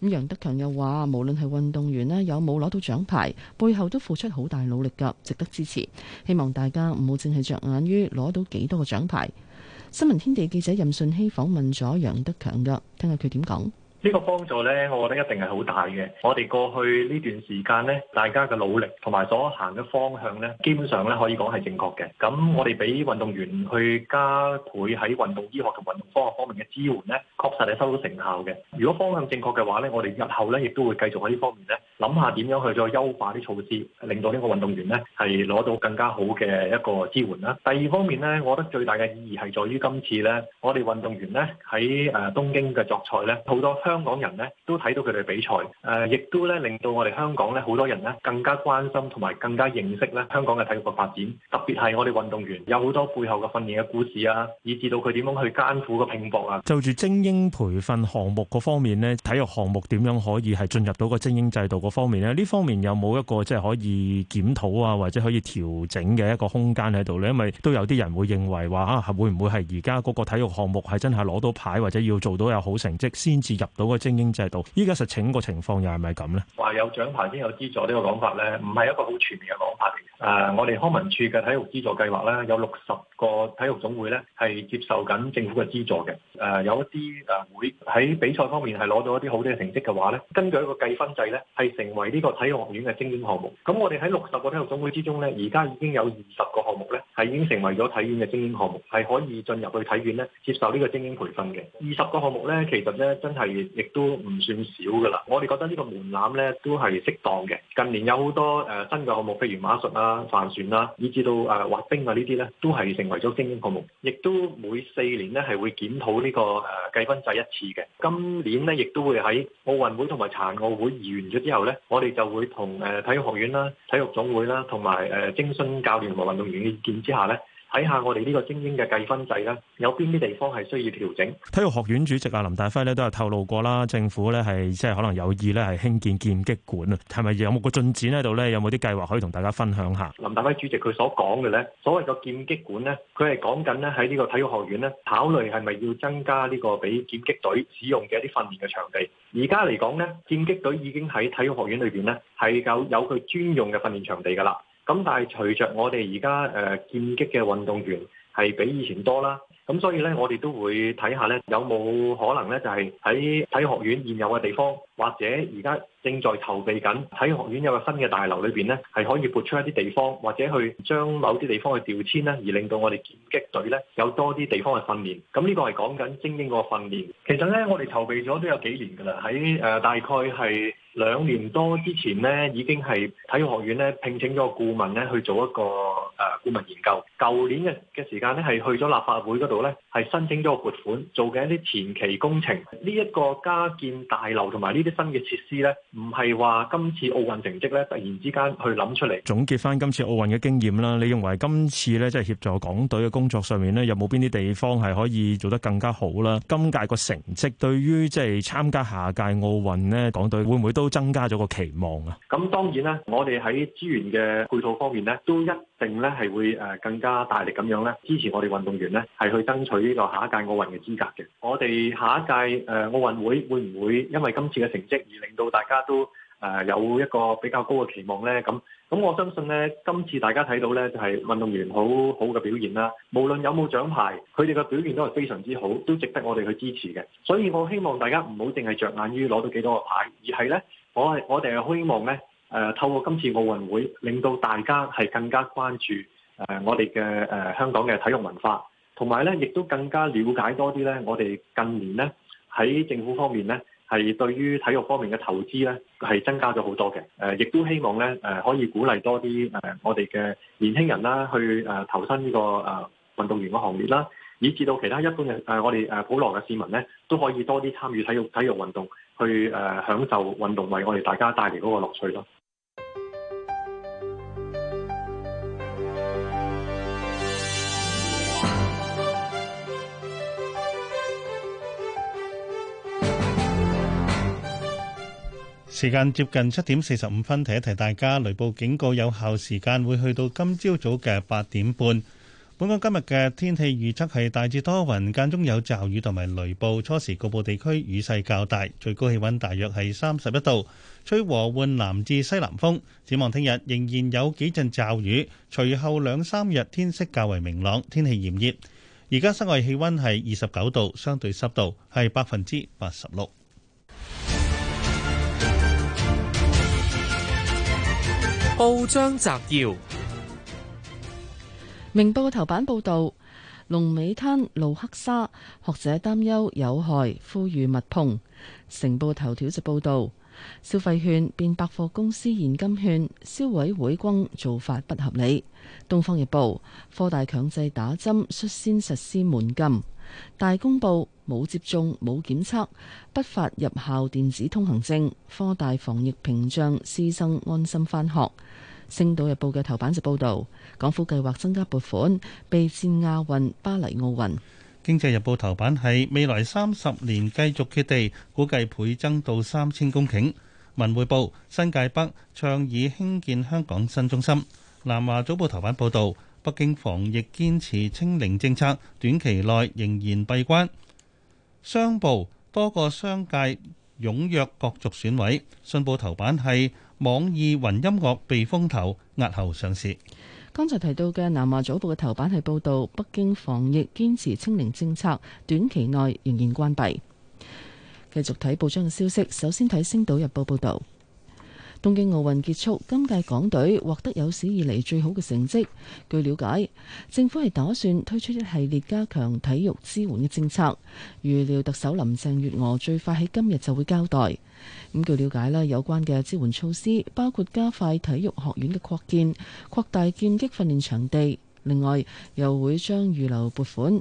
咁楊德強又話，無論係運動員呢有冇攞到獎牌，背後都付出好大努力噶，值得支持。希望大家唔好淨係着眼於攞到幾多個獎牌。新聞天地記者任順熙訪問咗楊德強噶，聽下佢點講。呢個幫助呢，我覺得一定係好大嘅。我哋過去呢段時間呢，大家嘅努力同埋所行嘅方向呢，基本上呢可以講係正確嘅。咁我哋俾運動員去加倍喺運動醫學同運動科學方面嘅支援呢，確實係收到成效嘅。如果方向正確嘅話呢，我哋日後呢亦都會繼續喺呢方面呢諗下點樣去再優化啲措施，令到呢個運動員呢係攞到更加好嘅一個支援啦。第二方面呢，我覺得最大嘅意義係在於今次呢，我哋運動員呢喺誒東京嘅作賽呢，好多香香港人咧都睇到佢哋比賽，誒、呃，亦都咧令到我哋香港咧好多人咧更加關心同埋更加認識咧香港嘅體育嘅發展。特別係我哋運動員有好多背後嘅訓練嘅故事啊，以至到佢點樣去艱苦嘅拼搏啊。就住精英培訓項目嗰方面咧，體育項目點樣可以係進入到個精英制度嗰方面咧？呢方面有冇一個即係可以檢討啊，或者可以調整嘅一個空間喺度咧？因為都有啲人會認為話啊，係會唔會係而家嗰個體育項目係真係攞到牌或者要做到有好成績先至入到。個精英制度，依家實情個情況又係咪咁咧？話有獎牌先有資助呢個講法咧，唔係一個好全面嘅講法。誒，uh, 我哋康文署嘅體育資助計劃咧，有六十個體育總會咧，係接受緊政府嘅資助嘅。誒、uh，有一啲誒會喺比賽方面係攞到一啲好啲嘅成績嘅話咧，根據一個計分制咧，係成為呢個體育學院嘅精英項目。咁我哋喺六十個體育總會之中咧，而家已經有二十個項目咧，係已經成為咗體院嘅精英項目，係可以進入去體院咧接受呢個精英培訓嘅。二十個項目咧，其實咧真係亦都唔算少㗎喇。我哋覺得呢個門檻咧都係適當嘅。近年有好多誒新嘅項目，譬如馬術啊。啊，帆船啦，以至到誒滑冰啊呢啲咧，都係成為咗精英項目，亦都每四年咧係會檢討呢個誒計分制一次嘅。今年咧，亦都會喺奧運會同埋殘奧會完咗之後咧，我哋就會同誒體育學院啦、體育總會啦同埋誒徵詢教練同埋運動員嘅意見之下咧。睇下我哋呢個精英嘅計分制咧，有邊啲地方係需要調整？體育學院主席阿林大輝咧都係透露過啦，政府咧係即係可能有意咧係興建劍擊館啊，係咪有冇個進展喺度咧？有冇啲計劃可以同大家分享下？林大輝主席佢所講嘅咧，所謂個劍擊館咧，佢係講緊咧喺呢個體育學院咧，考慮係咪要增加呢個俾劍擊隊使用嘅一啲訓練嘅場地？而家嚟講咧，劍擊隊已經喺體育學院裏邊咧係有有佢專用嘅訓練場地㗎喇。咁但係隨着我哋而家誒劍擊嘅運動員係比以前多啦，咁所以呢，我哋都會睇下呢，有冇可能呢？就係喺體育學院現有嘅地方，或者而家正在籌備緊體育學院有個新嘅大樓裏邊呢，係可以撥出一啲地方，或者去將某啲地方去調遷呢，而令到我哋劍擊隊呢有多啲地方去訓練。咁呢個係講緊精英個訓練。其實呢，我哋籌備咗都有幾年㗎啦，喺誒、呃、大概係。兩年多之前呢，已經係體育學院咧聘請咗個顧問咧去做一個誒顧問研究。舊年嘅嘅時間咧，係去咗立法會嗰度咧，係申請咗個撥款，做緊一啲前期工程。呢一個加建大樓同埋呢啲新嘅設施咧，唔係話今次奧運成績咧突然之間去諗出嚟。總結翻今次奧運嘅經驗啦，你認為今次咧即係協助港隊嘅工作上面咧，有冇邊啲地方係可以做得更加好啦？今屆個成績對於即係參加下屆奧運咧，港隊會唔會都？都增加咗個期望啊！咁當然啦，我哋喺資源嘅配套方面咧，都一定咧係會誒更加大力咁樣咧支持我哋運動員咧係去爭取呢個下一屆奧運嘅資格嘅。我哋下一屆誒奧運會會唔會因為今次嘅成績而令到大家都誒、呃、有一個比較高嘅期望咧？咁咁我相信咧，今次大家睇到咧就係、是、運動員好好嘅表現啦。無論有冇獎牌，佢哋嘅表現都係非常之好，都值得我哋去支持嘅。所以我希望大家唔好淨係着眼於攞到幾多個牌，而係咧。我係我哋係希望咧，誒、呃、透過今次奧運會，令到大家係更加關注誒、呃、我哋嘅誒香港嘅體育文化，同埋咧亦都更加了解多啲咧，我哋近年咧喺政府方面咧，係對於體育方面嘅投資咧係增加咗好多嘅，誒、呃、亦都希望咧誒、呃、可以鼓勵多啲誒、呃、我哋嘅年輕人啦，去誒、呃、投身呢、這個誒運、呃、動員嘅行列啦。以至到其他一般嘅誒、呃，我哋誒普羅嘅市民呢，都可以多啲參與體育體育運動，去誒、呃、享受運動為我哋大家帶嚟嗰個樂趣咯。時間接近七點四十五分，提一提大家，雷暴警告有效時間會去到今朝早嘅八點半。本港今日嘅天氣預測係大致多雲，間中有驟雨同埋雷暴，初時局部地區雨勢較大，最高氣溫大約係三十一度，吹和緩南至西南風。展望聽日仍然有幾陣驟雨，隨後兩三日天色較為明朗，天氣炎熱。而家室外氣溫係二十九度，相對濕度係百分之八十六。報章摘要。明報頭版報導，龍尾灘露黑沙，學者擔憂有害，呼籲勿碰。成報頭條就報導，消費券變百貨公司現金券，消委會轟做法不合理。《東方日報》科大強制打針，率先實施門禁。《大公報》冇接種冇檢測，不發入校電子通行證。科大防疫屏障，師生安心返學。《星島日報》嘅頭版就報道，港府計劃增加撥款備戰亞運、巴黎奧運。《經濟日報》頭版係未來三十年繼續缺地，估計倍增到三千公頃。《文匯報》新界北倡議興建香港新中心。《南華早報》頭版報道，北京防疫堅持清零政策，短期內仍然閉關。商報多個商界踊躍角逐選委。《信報》頭版係。網易雲音樂被封頭，押後上市。剛才提到嘅南華早報嘅頭版係報道，北京防疫堅持清零政策，短期內仍然關閉。繼續睇報章嘅消息，首先睇《星島日報》報道。東京奧運結束，今屆港隊獲得有史以來最好嘅成績。據了解，政府係打算推出一系列加強體育支援嘅政策。預料特首林鄭月娥最快喺今日就會交代。咁據了解咧，有關嘅支援措施包括加快體育學院嘅擴建，擴大劍擊訓練場地。另外，又會將預留撥款，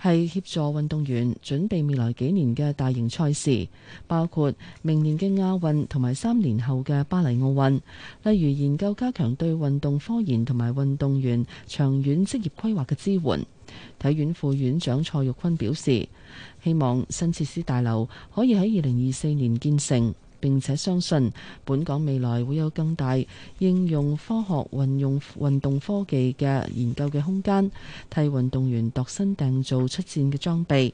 係協助運動員準備未來幾年嘅大型賽事，包括明年嘅亞運同埋三年後嘅巴黎奧運。例如，研究加強對運動科研同埋運動員長遠職業規劃嘅支援。體院副院長蔡玉坤表示，希望新設施大樓可以喺二零二四年建成。並且相信本港未來會有更大應用科學、運用運動科技嘅研究嘅空間，替運動員度身訂造出戰嘅裝備。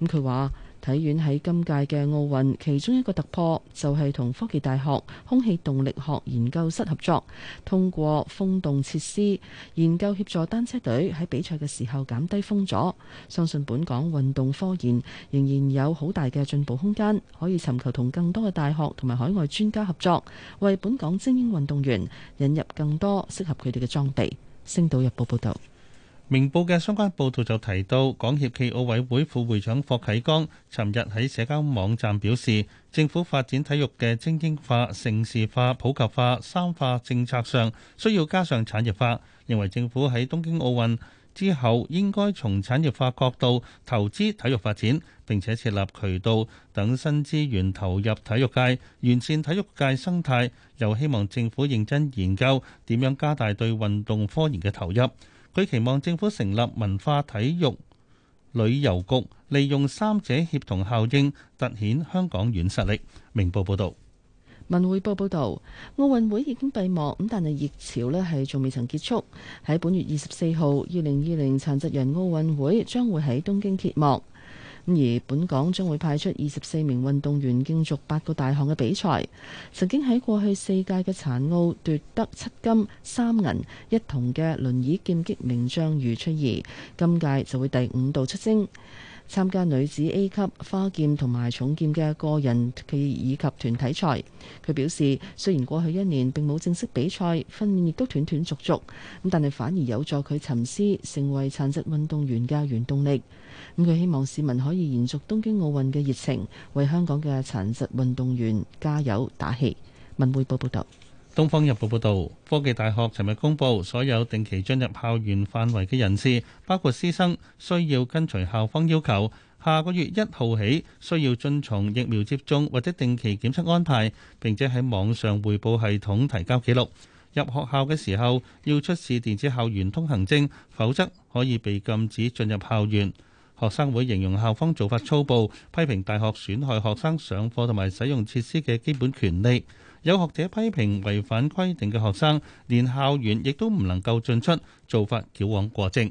咁佢話。體院喺今屆嘅奧運其中一個突破，就係同科技大學空氣動力學研究室合作，通過風洞設施研究協助單車隊喺比賽嘅時候減低風阻。相信本港運動科研仍然有好大嘅進步空間，可以尋求同更多嘅大學同埋海外專家合作，為本港精英運動員引入更多適合佢哋嘅裝備。星島日報報道。明報嘅相關報導就提到，港協暨奧委會副會長霍啟剛，尋日喺社交網站表示，政府發展體育嘅精英化、城市化、普及化三化政策上，需要加上產業化。認為政府喺東京奧運之後，應該從產業化角度投資體育發展，並且設立渠道等新資源投入體育界，完善體育界生態。又希望政府認真研究點樣加大對運動科研嘅投入。佢期望政府成立文化、體育、旅遊局，利用三者協同效應，凸顯香港軟實力。明報報道，文匯報報道，奧運會已經閉幕，咁但係熱潮咧係仲未曾結束。喺本月二十四號，二零二零殘疾人奧運會將會喺東京揭幕。而本港將會派出二十四名運動員競逐八個大項嘅比賽。曾經喺過去四屆嘅殘奧奪得七金三銀一銅嘅輪椅劍擊名將余翠怡，今屆就會第五度出征，參加女子 A 級花劍同埋重劍嘅個人暨以及團體賽。佢表示，雖然過去一年並冇正式比賽，訓練亦都斷斷續續，咁但係反而有助佢沉思，成為殘疾運動員嘅原動力。咁佢希望市民可以延續東京奧運嘅熱情，為香港嘅殘疾運動員加油打氣。文匯報報道，東方日報報道，科技大學尋日公布，所有定期進入校園範圍嘅人士，包括師生，需要跟隨校方要求，下個月一號起需要遵從疫苗接種或者定期檢測安排，並且喺網上匯報系統提交記錄。入學校嘅時候要出示電子校園通行證，否則可以被禁止進入校園。學生會形容校方做法粗暴，批評大學損害學生上課同埋使用設施嘅基本權利。有學者批評違反規定嘅學生連校園亦都唔能夠進出，做法矯枉過正。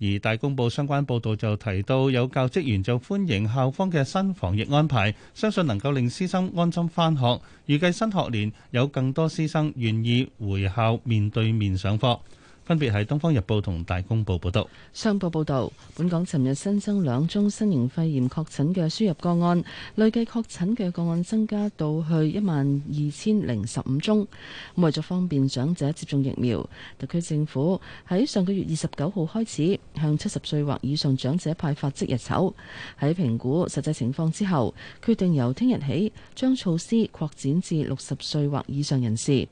而大公報相關報導就提到，有教職員就歡迎校方嘅新防疫安排，相信能夠令師生安心返學。預計新學年有更多師生願意回校面對面上課。分別係《東方日報》同《大公報》報導。商報報導，本港尋日新增兩宗新型肺炎確診嘅輸入個案，累計確診嘅個案增加到去一萬二千零十五宗。咁為咗方便長者接種疫苗，特區政府喺上個月二十九號開始向七十歲或以上長者派發即日籌。喺評估實際情況之後，決定由聽日起將措施擴展至六十歲或以上人士。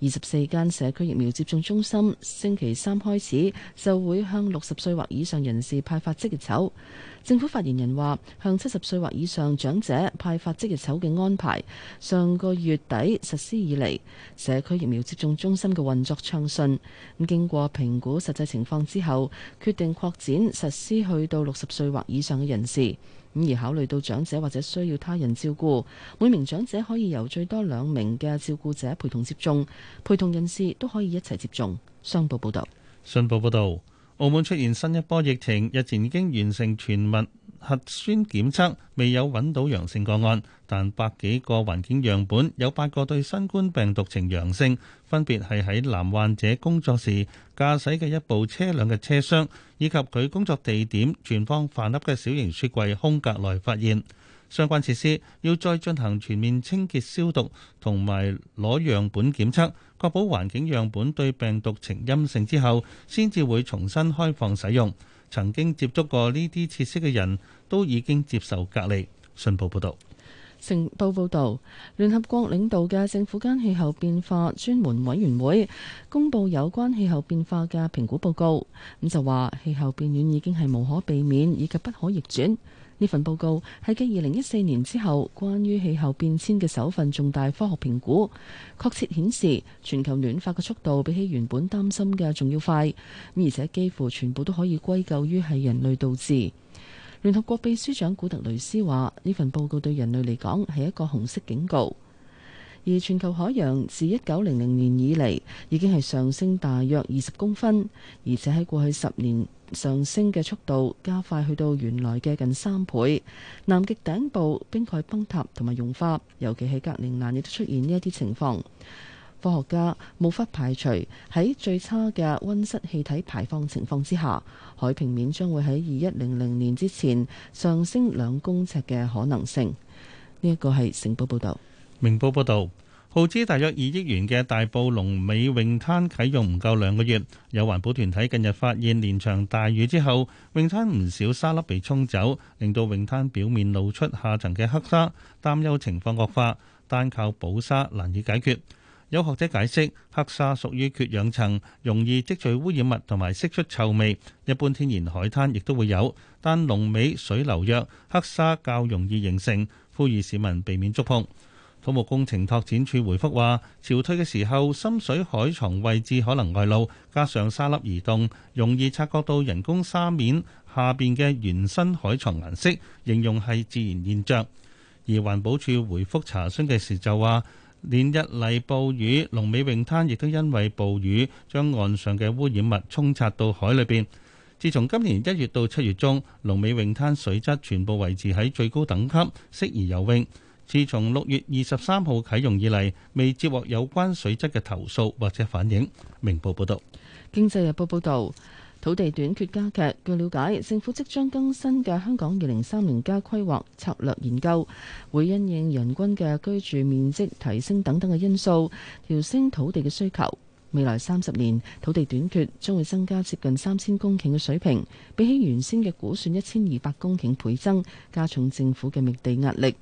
二十四間社區疫苗接種中心星期三開始就會向六十歲或以上人士派發即日籌。政府發言人話：向七十歲或以上長者派發即日籌嘅安排，上個月底實施以嚟，社區疫苗接種中心嘅運作暢順。咁經過評估實際情況之後，決定擴展實施去到六十歲或以上嘅人士。咁而考慮到長者或者需要他人照顧，每名長者可以由最多兩名嘅照顧者陪同接種，陪同人士都可以一齊接種。商報報道，信報報導，澳門出現新一波疫情，日前已經完成全民核酸檢測未有揾到陽性個案，但百幾個環境樣本有八個對新冠病毒呈陽性，分別係喺男患者工作時駕駛嘅一部車輛嘅車廂，以及佢工作地點存放飯粒嘅小型雪櫃空格內發現相關設施要再進行全面清潔消毒，同埋攞樣本檢測，確保環境樣本對病毒呈陰性之後先至會重新開放使用。曾經接觸過呢啲設施嘅人都已經接受隔離。信報報導，成報報導，聯合國領導嘅政府間氣候變化專門委員會公佈有關氣候變化嘅評估報告，咁就話氣候變暖已經係無可避免以及不可逆轉。呢份報告係繼二零一四年之後，關於氣候變遷嘅首份重大科學評估，確切顯示全球暖化嘅速度比起原本擔心嘅仲要快，而且幾乎全部都可以歸咎於係人類導致。聯合國秘書長古特雷斯話：呢份報告對人類嚟講係一個紅色警告。而全球海洋自一九零零年以嚟已經係上升大約二十公分，而且喺過去十年，上升嘅速度加快，去到原來嘅近三倍。南極頂部冰蓋崩塌、同埋融化，尤其係格陵蘭亦都出現呢一啲情況。科學家無法排除喺最差嘅溫室氣體排放情況之下，海平面將會喺二一零零年之前上升兩公尺嘅可能性。呢一個係成報報道、明報報道。耗資大約二億元嘅大埔龍尾泳灘啟用唔夠兩個月，有環保團體近日發現，連場大雨之後，泳灘唔少沙粒被沖走，令到泳灘表面露出下層嘅黑沙，擔憂情況惡化，單靠補沙難以解決。有學者解釋，黑沙屬於缺氧層，容易積聚污染物同埋釋出臭味，一般天然海灘亦都會有，但龍尾水流弱，黑沙較容易形成，呼籲市民避免觸碰。土木工程拓展署回覆話：潮退嘅時候，深水海床位置可能外露，加上沙粒移動，容易察覺到人工沙面下邊嘅原生海床顏色，形容係自然現象。而環保署回覆查詢嘅時就話：連日嚟暴雨，龍尾泳灘亦都因為暴雨將岸上嘅污染物沖刷到海裏邊。自從今年一月到七月中，龍尾泳灘水質全部維持喺最高等級，適宜游泳。自從六月二十三號啟用以嚟，未接獲有關水質嘅投訴或者反映。明報報道。《經濟日報》報道土地短缺加劇。據了解，政府即將更新嘅香港二零三零加規劃策略研究，會因應人均嘅居住面積提升等等嘅因素，調升土地嘅需求。未來三十年土地短缺將會增加接近三千公頃嘅水平，比起原先嘅估算一千二百公頃倍增，加重政府嘅覓地壓力。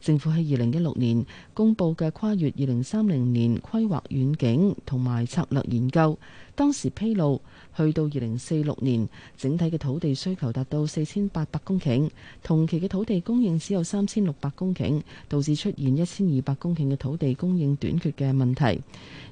政府喺二零一六年公布嘅跨越二零三零年規劃遠景同埋策略研究。當時披露，去到二零四六年，整體嘅土地需求達到四千八百公頃，同期嘅土地供應只有三千六百公頃，導致出現一千二百公頃嘅土地供應短缺嘅問題。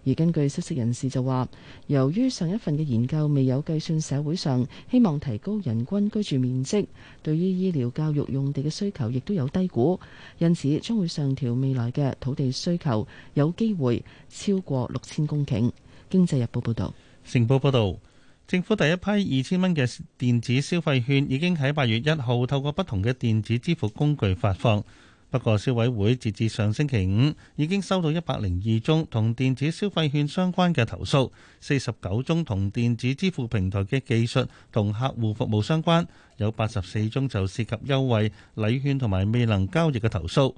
而根據消息人士就話，由於上一份嘅研究未有計算社會上希望提高人均居住面積，對於醫療教育用地嘅需求亦都有低估，因此將會上調未來嘅土地需求，有機會超過六千公頃。經濟日報報導。成報報道，政府第一批二千蚊嘅電子消費券已經喺八月一號透過不同嘅電子支付工具發放。不過，消委會截至上星期五已經收到一百零二宗同電子消費券相關嘅投訴，四十九宗同電子支付平台嘅技術同客戶服務相關，有八十四宗就涉及優惠、禮券同埋未能交易嘅投訴，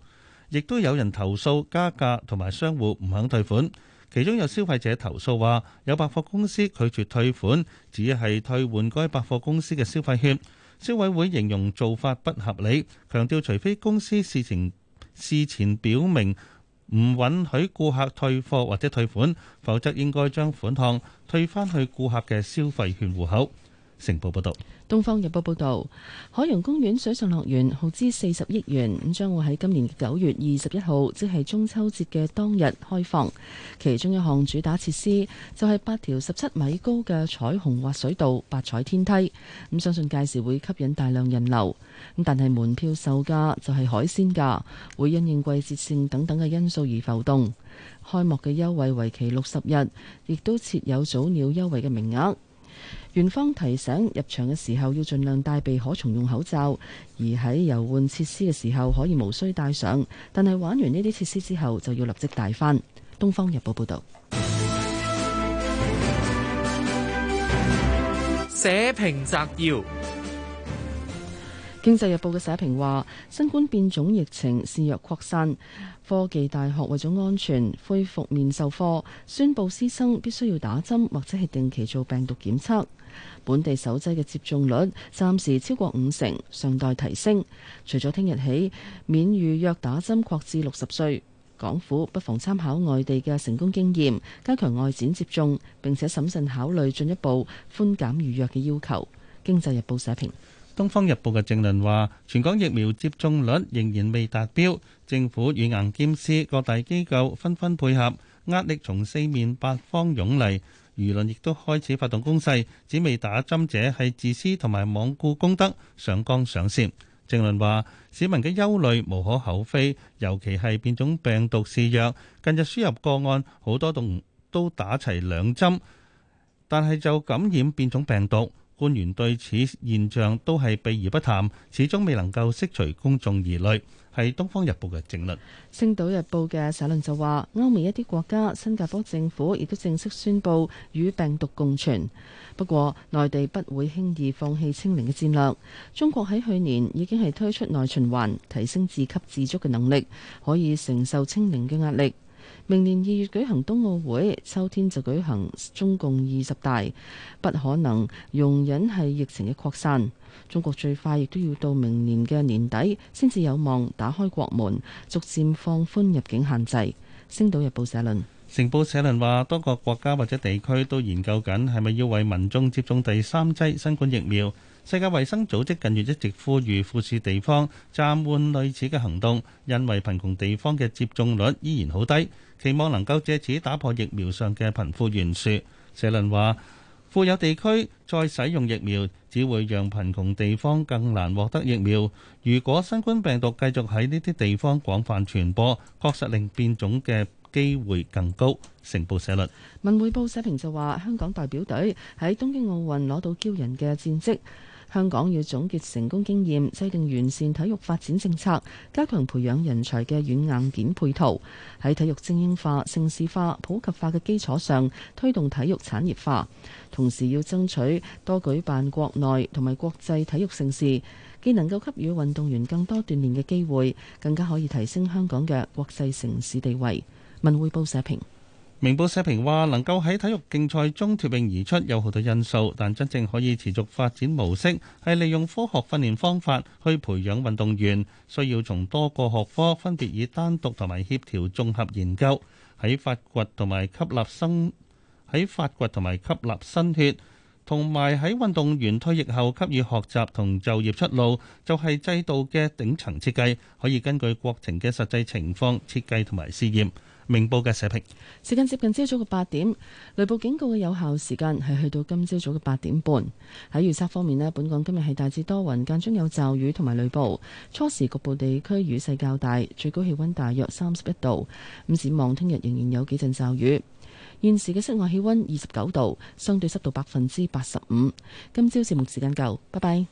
亦都有人投訴加價同埋商戶唔肯退款。其中有消費者投訴話，有百貨公司拒絕退款，只係退換該百貨公司嘅消費券。消委會形容做法不合理，強調除非公司事前，事前表明唔允許顧客退貨或者退款，否則應該將款項退翻去顧客嘅消費券戶口。成報報導，《東方日報》報導，海洋公園水上樂園耗資四十億元，咁將會喺今年九月二十一號，即係中秋節嘅當日開放。其中一項主打設施就係八條十七米高嘅彩虹滑水道、八彩天梯。咁相信屆時會吸引大量人流。咁但係門票售價就係海鮮價，會因應季節性等等嘅因素而浮動。開幕嘅優惠為期六十日，亦都設有早鳥優惠嘅名額。園方提醒，入場嘅時候要盡量戴備可重用口罩，而喺遊玩設施嘅時候可以無需戴上，但係玩完呢啲設施之後就要立即戴翻。東方日報報道。社評摘要：經濟日報嘅社評話，新冠變種疫情肆虐擴散，科技大學為咗安全恢復面授課，宣布師生必須要打針或者係定期做病毒檢測。本地首劑嘅接種率暫時超過五成，尚待提升。除咗聽日起免預約打針擴至六十歲，港府不妨參考外地嘅成功經驗，加強外展接種，並且審慎考慮進一步寬減預約嘅要求。經濟日報社評，《東方日報》嘅政論話：全港疫苗接種率仍然未達標，政府軟硬兼施，各大機構紛紛配合，壓力從四面八方湧嚟。輿論亦都開始發動攻勢，指未打針者係自私同埋罔顧公德，上綱上線。政論話：市民嘅憂慮無可厚非，尤其係變種病毒肆虐，近日輸入個案好多都都打齊兩針，但係就感染變種病毒。官員對此現象都係避而不談，始終未能夠釋除公眾疑慮。係《東方日報》嘅政論，《星島日報》嘅社論就話，歐美一啲國家、新加坡政府亦都正式宣布與病毒共存。不過，內地不會輕易放棄清零嘅戰略。中國喺去年已經係推出內循環，提升自給自足嘅能力，可以承受清零嘅壓力。明年二月舉行冬奧會，秋天就舉行中共二十大，不可能容忍係疫情嘅擴散。中國最快亦都要到明年嘅年底，先至有望打開國門，逐漸放寬入境限制。星島日報社論，成報社論話，多個國家或者地區都研究緊係咪要為民眾接種第三劑新冠疫苗。世界衛生組織近月一直呼籲富裕地方暫緩類似嘅行動，因為貧窮地方嘅接種率依然好低，期望能夠藉此打破疫苗上嘅貧富懸殊。社論話，富有地區再使用疫苗，只會讓貧窮地方更難獲得疫苗。如果新冠病毒繼續喺呢啲地方廣泛傳播，確實令變種嘅機會更高。成報社論。文匯報社評就話，香港代表隊喺東京奧運攞到驕人嘅戰績。香港要總結成功經驗，制定完善體育發展政策，加強培養人才嘅軟硬件配套。喺體育精英化、城市化、普及化嘅基礎上，推動體育產業化。同時要爭取多舉辦國內同埋國際體育盛事，既能夠給予運動員更多鍛鍊嘅機會，更加可以提升香港嘅國際城市地位。文匯報社評。明報社評話，能夠喺體育競賽中脱穎而出有好多因素，但真正可以持續發展模式係利用科學訓練方法去培養運動員，需要從多個學科分別以單獨同埋協調綜合研究，喺發掘同埋吸納新喺發掘同埋吸納新血，同埋喺運動員退役後給予學習同就業出路，就係制度嘅頂層設計，可以根據國情嘅實際情況設計同埋試驗。明報嘅社評，時間接近朝早嘅八點，雷暴警告嘅有效時間係去到今朝早嘅八點半。喺預測方面咧，本港今日係大致多雲，間中有驟雨同埋雷暴，初時局部地區雨勢較大，最高氣溫大約三十一度。咁展望聽日仍然有幾陣驟雨。現時嘅室外氣溫二十九度，相對濕度百分之八十五。今朝節目時間夠，拜拜。